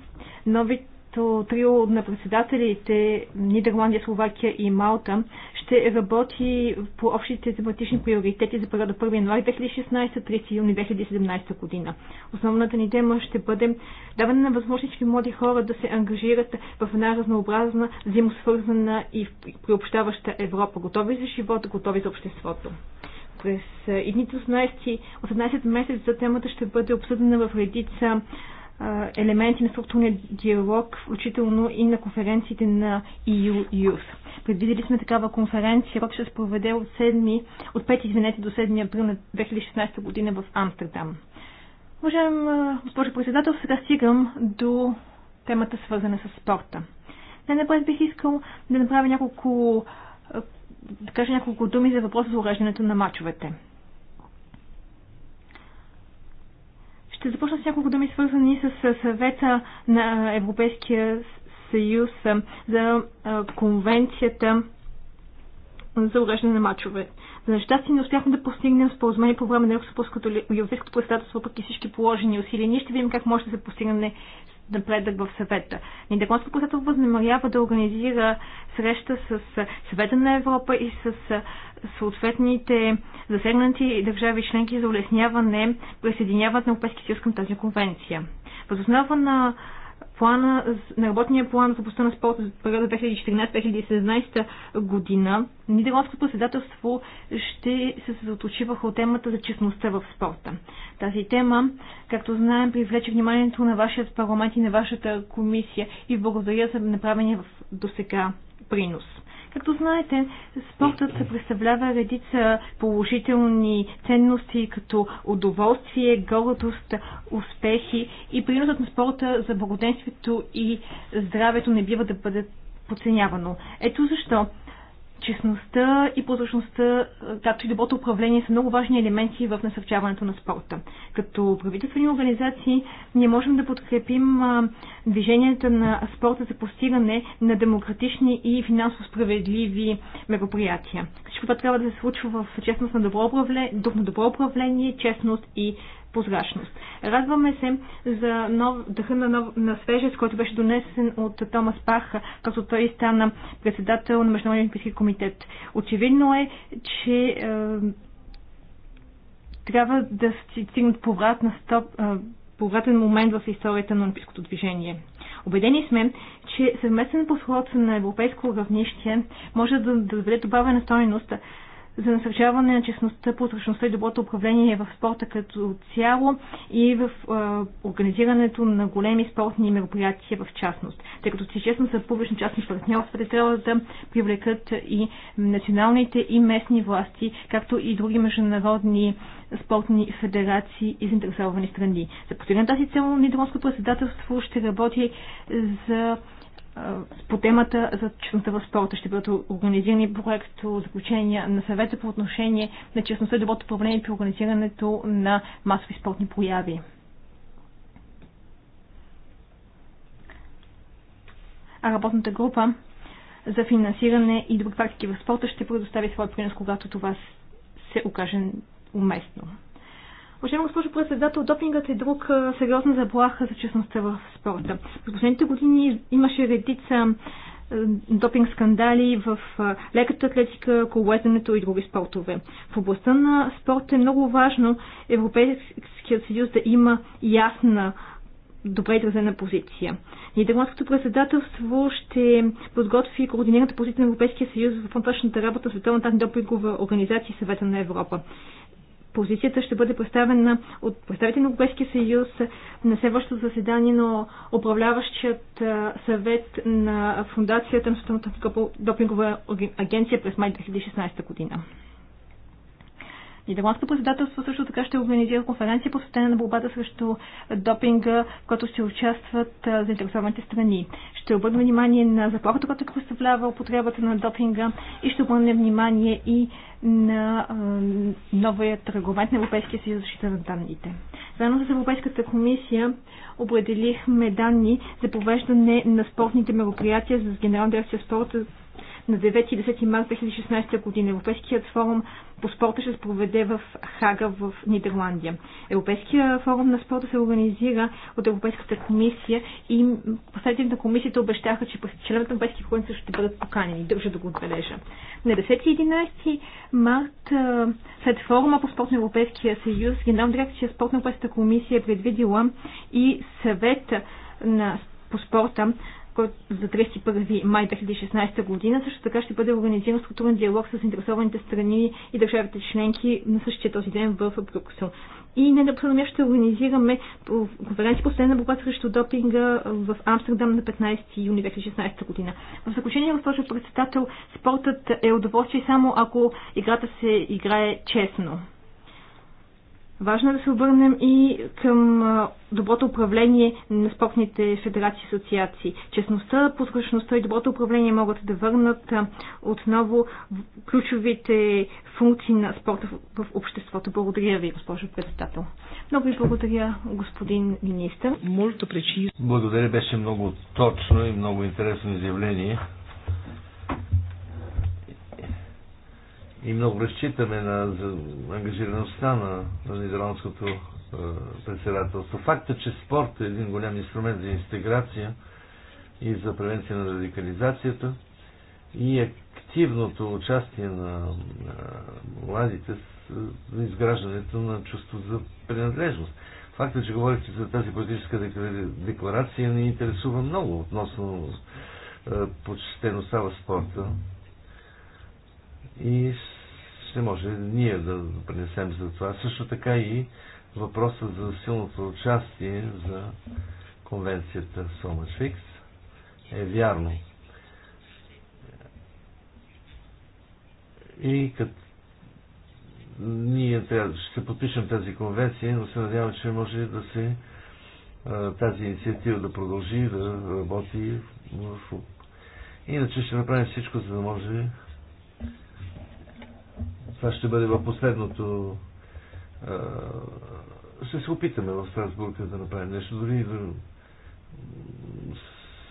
новите като трио на председателите Нидерландия, Словакия и Малта ще работи по общите тематични приоритети за периода 1 януари 2016-30 юни 2017 година. Основната ни тема ще бъде даване на възможности млади хора да се ангажират в една разнообразна, взаимосвързана и приобщаваща Европа. Готови за живота, готови за обществото през едните 18, 18 месеца темата ще бъде обсъдена в редица елементи на структурния диалог, включително и на конференциите на EU Youth. Предвидели сме такава конференция, която ще се проведе от, 7, от 5 извинете, до 7 април на 2016 година в Амстердам. Уважаем госпожо председател, сега стигам до темата свързана с спорта. Най-напред бих искал да направя няколко да кажа няколко думи за въпроса за уреждането на мачовете. Ще започна с няколко думи, свързани с съвета на Европейския съюз за конвенцията за уреждане на мачове. За нещастие не успяхме да постигнем споразумение по време на Европейското председателство, въпреки всички положени усилия. Ние ще видим как може да се постигне напредък в съвета. Нидерландското председателство възнамерява да организира среща с съвета на Европа и с съответните засегнати държави членки за улесняване присъединяват на Европейския съюз към тази конвенция. Възоснова на плана, на работния план за областта на спорта за периода 2014-2017 година, Нидерландското председателство ще се съсредоточи върху темата за честността в спорта. Тази тема, както знаем, привлече вниманието на вашия парламент и на вашата комисия и благодаря за направения в досега принос. Както знаете, спортът представлява редица положителни ценности, като удоволствие, гордост, успехи и приносът на спорта за благоденствието и здравето не бива да бъде подценявано. Ето защо честността и прозрачността, както и доброто управление са много важни елементи в насърчаването на спорта. Като правителствени организации ние можем да подкрепим движенията на спорта за постигане на демократични и финансово справедливи мероприятия. Всичко това трябва да се случва в честност на добро управление, на добро управление, честност и прозрачност. Радваме се за нов, дъха на, нов, на свежест, който беше донесен от Томас Пах, като той стана председател на Международния олимпийски комитет. Очевидно е, че е, трябва да стигнат повратна стоп, е, повратен момент в историята на олимпийското движение. Обедени сме, че съвместен подход на европейско равнище може да, да доведе добавена стойност за насърчаване на честността, прозрачността и доброто управление в спорта като цяло и в е, организирането на големи спортни мероприятия в частност. Тъй като си честно са публично-частни партньорства, те трябва да привлекат и националните и местни власти, както и други международни спортни федерации и заинтересовани страни. За постигане тази цел Нидерландското председателство ще работи за е, по темата за честността в спорта ще бъдат организирани проекто заключения на съвета по отношение на честността и доброто управление при организирането на масови спортни прояви. А работната група за финансиране и добри практики в спорта ще предостави своя принос, когато това се окаже уместно. Уважаема госпожо председател, допингът е друг сериозна заплаха за честността в спорта. В последните години имаше редица допинг скандали в леката атлетика, колоезденето и други спортове. В областта на спорта е много важно Европейският съюз да има ясна добре изразена позиция. Нидерландското председателство ще подготви координираната позиция на Европейския съюз в външната работа Световната антидопингова организация и Съвета на Европа позицията ще бъде представена от представител на Европейския съюз на следващото заседание на управляващият съвет на Фундацията на Световната допингова агенция през май 2016 година. Нидерландското председателство също така ще организира конференция посветена на борбата срещу допинга, в която ще участват заинтересованите страни. Ще обърнем внимание на заплахата, която представлява употребата на допинга и ще обърнем внимание и на новият регламент на Европейския съюз за защита на данните. Заедно с Европейската комисия определихме данни за провеждане на спортните мероприятия с Генерална дирекция спорта на 9 и 10 март 2016 година. Европейският форум по спорта ще се проведе в Хага в Нидерландия. Европейският форум на спорта се организира от Европейската комисия и последните на комисията обещаха, че членовете на Европейския форум също ще бъдат поканени. Държа да го отбележа. На 10 и 11 март след форума по спорт на Европейския съюз, Генерална дирекция спорт на Европейската комисия е предвидила и съвет на по спорта който за 31 май 2016 година. Също така ще бъде организиран структурен диалог с интересованите страни и държавите членки на същия този ден в Брюксел. И не да последно ще организираме конференция последна борба срещу допинга в Амстердам на 15 юни 2016 година. В заключение, госпожо председател, спортът е удоволствие само ако играта се играе честно. Важно е да се обърнем и към доброто управление на спортните федерации и асоциации. Честността, послушността и доброто управление могат да върнат отново ключовите функции на спорта в обществото. Благодаря ви, госпожо председател. Много ви благодаря, господин министр. Благодаря, беше много точно и много интересно изявление. и много разчитаме на ангажираността на, на нидерландското е, председателство. Факта, е, че спорт е един голям инструмент за интеграция и за превенция на радикализацията и активното участие на, на младите с е, изграждането на чувство за принадлежност. Факта, е, че говорите за тази политическа декларация, ни интересува много относно е, почтеността в спорта и ще може ние да принесем за това. Също така и въпроса за силното участие за конвенцията Сомашфикс е вярно. И като ние трябва, ще подпишем тази конвенция, но се надявам, че може да се тази инициатива да продължи да работи в... Иначе ще направим всичко, за да може това ще бъде в последното. Ще се опитаме в Страсбург да направим нещо. Дори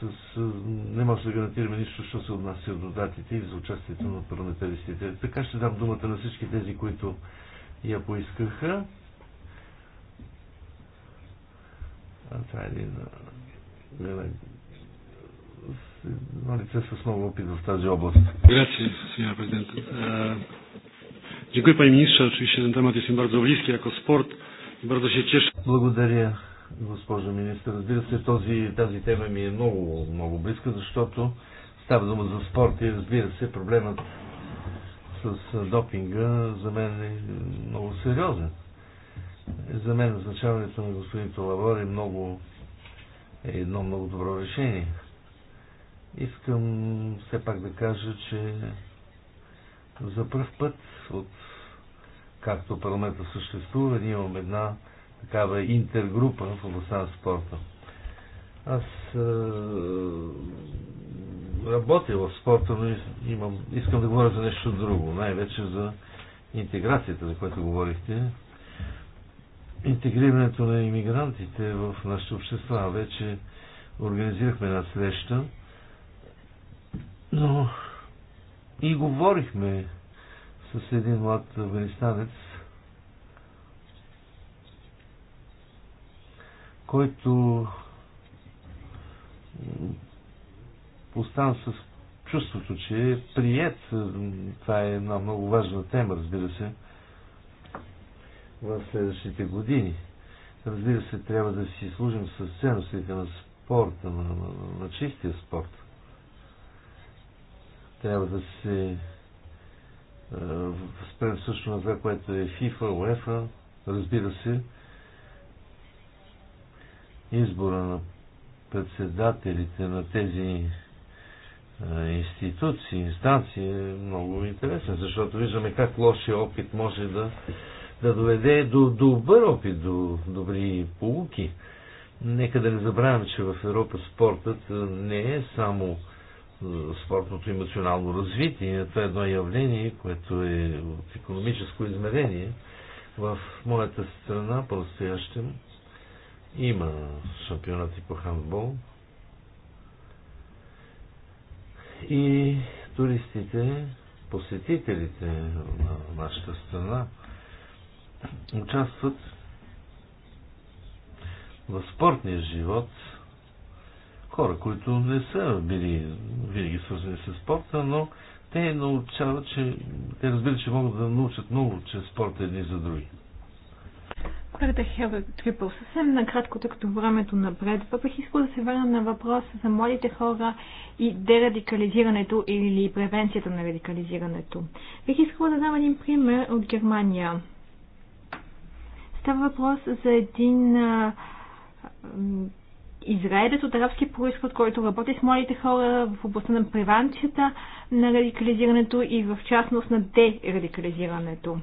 с, не може да гарантираме нищо, що се отнася до датите и за участието на парламентаристите. Така ще дам думата на всички тези, които я поискаха. А, това е един едно лице с много опит в тази област. Грация, сега президент. Dziękuję panie ministrze. Oczywiście ten temat jest mi bardzo bliski jako sport. Bardzo się cieszę. Благодаря, госпожо министър. Разбира се, този, тази тема ми е много, много близка, защото става дума за спорт и разбира се, проблемът с допинга за мен е много сериозен. За мен назначаването на господин Толавор е много е едно много добро решение. Искам все пак да кажа, че за първ път, от както парламента съществува, ние имаме една такава интергрупа в областта на спорта. Аз е, работя в спорта, но имам, искам да говоря за нещо друго, най-вече за интеграцията, за която говорихте. Интегрирането на иммигрантите в нашите общества. Вече организирахме една среща, но и говорихме с един млад афганистанец, който остана с чувството, че е прият. Това е една много важна тема, разбира се, в следващите години. Разбира се, трябва да си служим с ценностите на спорта, на, на, на чистия спорт. Трябва да се спрем също на това, което е FIFA, UEFA, разбира се, избора на председателите на тези институции, инстанции е много интересен, защото виждаме как лошия опит може да, да доведе до добър опит, до добри полуки. Нека да не забравяме, че в Европа спортът не е само спортното емоционално развитие. Това е едно явление, което е от економическо измерение. В моята страна, по-настоящем, има шампионати по хандбол. И туристите, посетителите на нашата страна участват в спортния живот – хора, които не са били винаги свързани с спорта, но те научават, че те разбират, че могат да научат много че спорта е едни за други. Колегата Хелга Трипъл, съвсем накратко, тъй като времето напредва, бих искал да се върна на въпроса за младите хора и дерадикализирането или превенцията на радикализирането. Бих искала да дам един пример от Германия. Става въпрос за един израелец от арабски происход, който работи с младите хора в областта на превенцията на радикализирането и в частност на дерадикализирането.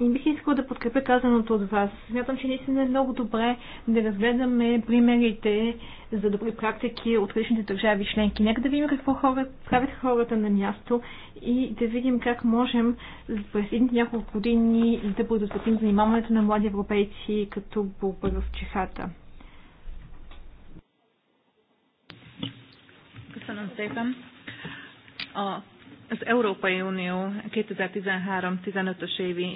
И бих искала да подкрепя казаното от вас. Смятам, че наистина е много добре да разгледаме примерите за добри практики от различните държави членки. Нека да видим какво хора, правят хората на място и да видим как можем през едните няколко години да предотвратим занимаването на млади европейци като борба в чехата. Köszönöm szépen. A az Európai Unió 2013-15-ös évi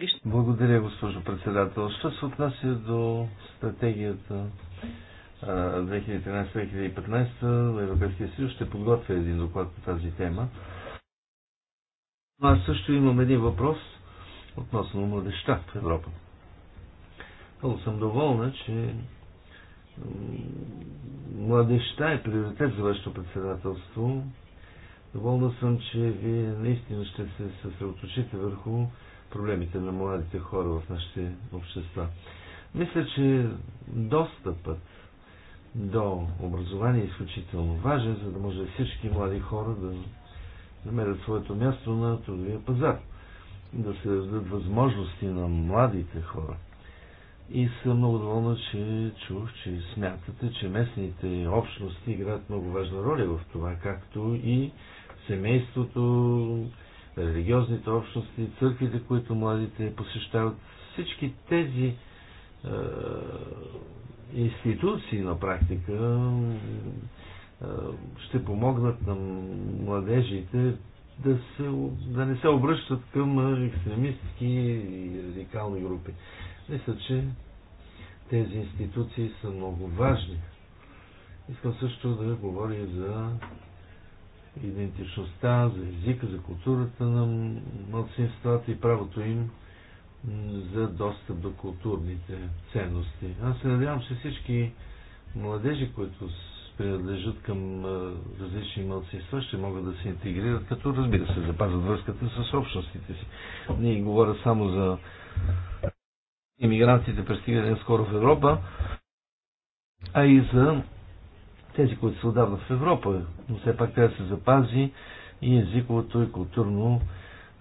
is. Благодаря, госпожо председател. Що се отнася до стратегията 2013-2015 Европейския съюз, ще подготвя един доклад по тази тема. Аз също имам един въпрос относно младеща в Европа. Много съм доволна, че младеща е приоритет за вашето председателство. Доволна съм, че вие наистина ще се съсредоточите върху проблемите на младите хора в нашите общества. Мисля, че достъпът до образование е изключително важен, за да може всички млади хора да намерят своето място на трудовия пазар, да се дадат възможности на младите хора. И съм много доволна, че чух, че смятате, че местните общности играят много важна роля в това, както и семейството, религиозните общности, църквите, които младите посещават. Всички тези е, институции на практика е, ще помогнат на младежите да, се, да не се обръщат към екстремистски и радикални групи. Мисля, че тези институции са много важни. Искам също да говоря за идентичността, за езика, за културата на младсинствата и правото им за достъп до културните ценности. Аз се надявам, че всички младежи, които принадлежат към различни мълцинства, ще могат да се интегрират, като разбира се, запазват връзката с общностите си. Ние говоря само за иммигрантите пристигнали скоро в Европа, а и за тези, които се отдават в Европа. Но все пак трябва да се запази и езиковото и културно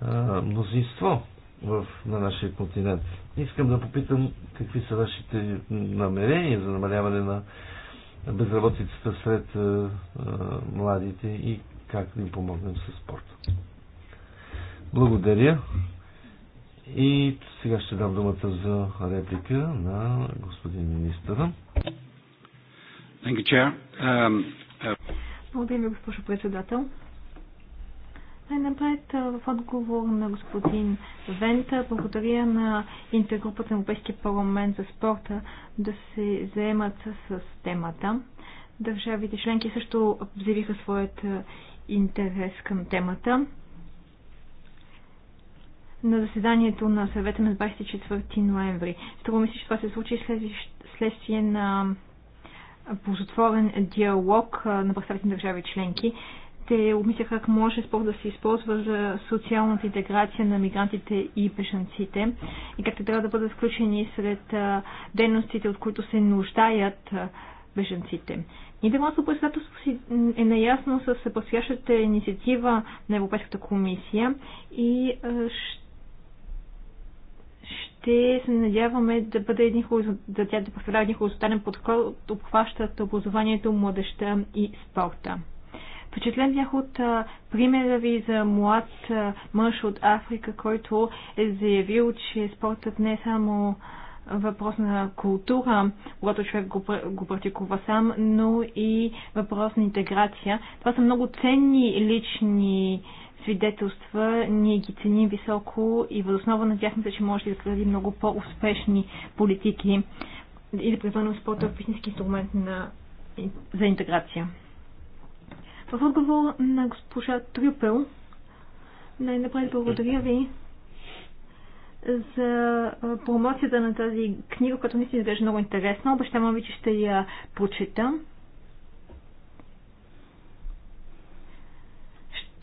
а, мнозинство в, на нашия континент. Искам да попитам какви са вашите намерения за намаляване на безработицата сред а, а, младите и как да им помогнем с спорта. Благодаря. И сега ще дам думата за реплика на господин министъра. Um, uh, благодаря ви, госпожо председател. Най-напред в отговор на господин Вента, благодаря на интергрупата на Европейския парламент за спорта да се заемат с темата. Държавите членки също заявиха своят интерес към темата на заседанието на съвета на 24 ноември. Това мисля, че това се случи след, следствие на ползотворен диалог на представители на държави членки. Те обмисляха как може спорт да се използва за социалната интеграция на мигрантите и бежанците и как те трябва да бъдат включени сред дейностите, от които се нуждаят бежанците. Нидерландското председателство си е наясно с предстоящата инициатива на Европейската комисия и ще ще се надяваме да бъде един да тя да представлява един хоризонтален подход, обхващат образованието, младеща и спорта. Впечатлен бях от а, примера ви за млад а, мъж от Африка, който е заявил, че спортът не е само въпрос на култура, когато човек го, го практикува сам, но и въпрос на интеграция. Това са много ценни лични а, свидетелства, ние ги ценим високо и възоснова на тях мисля, че може да изградим много по-успешни политики и да превърнем спорта в истински инструмент на, за интеграция. В отговор на госпожа Трюпел, най-напред благодаря ви за промоцията на тази книга, която ми се изглежда много интересна. Обещавам ви, че ще я прочета.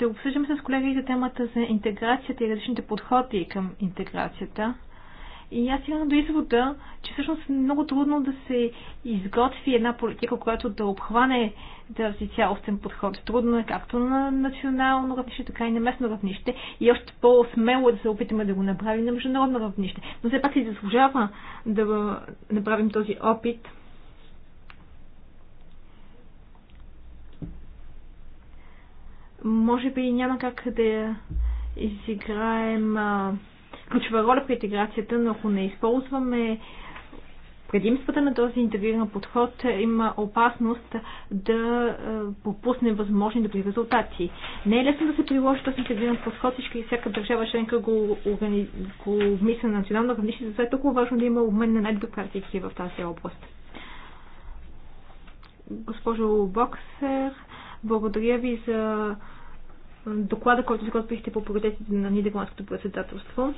Ще обсъждаме с колегите темата за интеграцията и различните подходи към интеграцията. И аз стигна до извода, че всъщност е много трудно да се изготви една политика, която да обхване този да цялостен подход. Трудно е както на национално равнище, така и на местно равнище. И още по-смело е да се опитаме да го направим на международно равнище. Но все пак си заслужава да направим този опит – Може би няма как да изиграем ключова роля при интеграцията, но ако не използваме предимствата на този интегриран подход има опасност да пропуснем възможни добри резултати. Не е лесно да се приложи този интегриран подход, всички и всяка държава членка го, органи... го мисля на национално равнище, затова е толкова важно да има обмен на най-добри практики в тази област. Госпожо Боксер, благодаря ви за доклада, който изготвихте по приоритетите на Нидерландското председателство.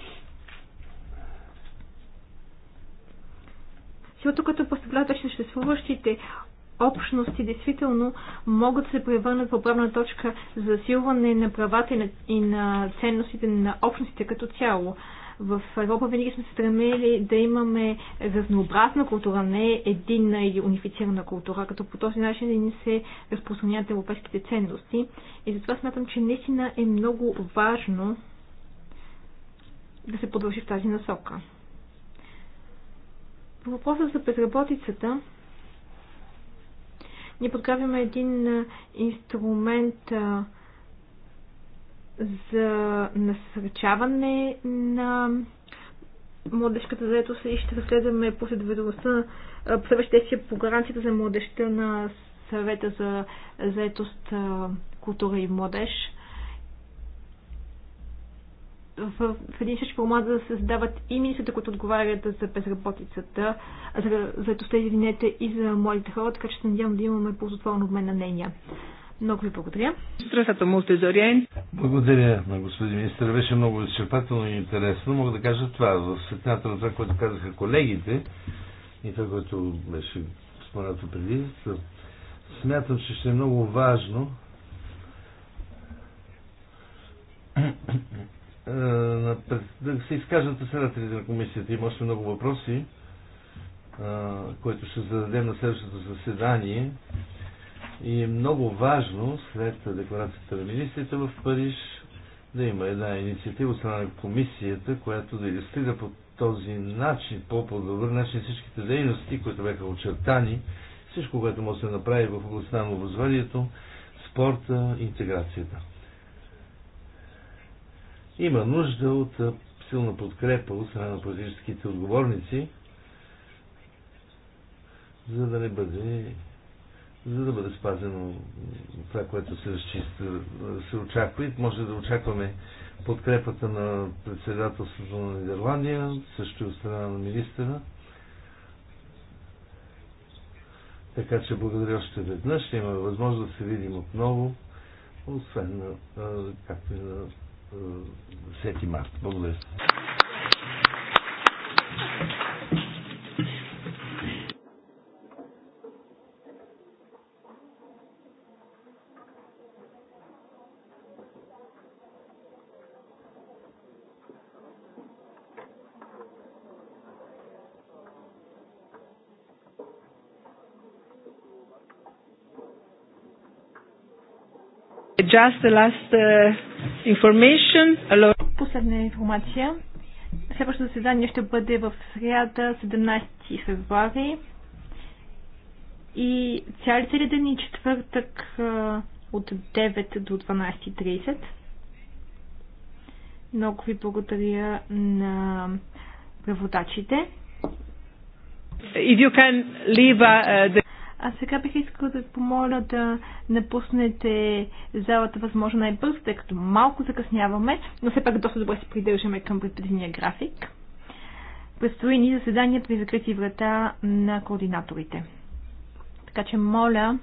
Защото като представляват съществуващите общности, действително могат да се превърнат в правна точка за засилване на правата и на, и на ценностите на общностите като цяло. В Европа винаги сме се стремили да имаме разнообразна култура, не единна или унифицирана култура, като по този начин да ни се разпространяват европейските ценности. И затова смятам, че наистина е много важно да се продължи в тази насока. По въпроса за безработицата, ние подкравяме един инструмент, за насърчаване на младежката заетост и ще разгледаме последователността на следващите по гаранцията за младежта на съвета за заетост, култура и младеж. В, в един същ формат да се създават и министрите, които отговарят за безработицата, за заетостта, извинете, и за младите хора, така че се надявам да имаме ползотворно обмен на мнения. Много ви благодаря. Страхата му зориен. Благодаря на господин министър. Беше много изчерпателно и интересно. Мога да кажа това. В светлината на това, което казаха колегите и това, което беше споменато преди, смятам, че ще е много важно [clears throat] да се изкажат председателите на комисията. Има още много въпроси, които ще зададем на следващото заседание. И е много важно, след декларацията на министрите в Париж, да има една инициатива от страна на комисията, която да иллюстрира по този начин, по-добър начин всичките дейности, които бяха очертани, всичко, което може да се направи в областта на образованието, спорта, интеграцията. Има нужда от силна подкрепа от страна на политическите отговорници, за да не бъде за да бъде спазено това, което се, разчиста, се очаква и може да очакваме подкрепата на председателството на Нидерландия, също и от страна на министъра. Така че благодаря още веднъж. Ще имаме възможност да се видим отново, освен на, както и на 10 марта. Благодаря. Just the last uh, information. Hello. Последна информация. Следващото заседание ще бъде в среда 17 февруари и цяли цели ден и четвъртък от 9 до 12.30. Много ви благодаря на преводачите. If you can leave, uh, the а сега бих искала да ви помоля да напуснете залата възможно най-бързо, тъй като малко закъсняваме, но все пак доста добре се придържаме към предпредния график. Предстои ни заседание при закрити врата на координаторите. Така че моля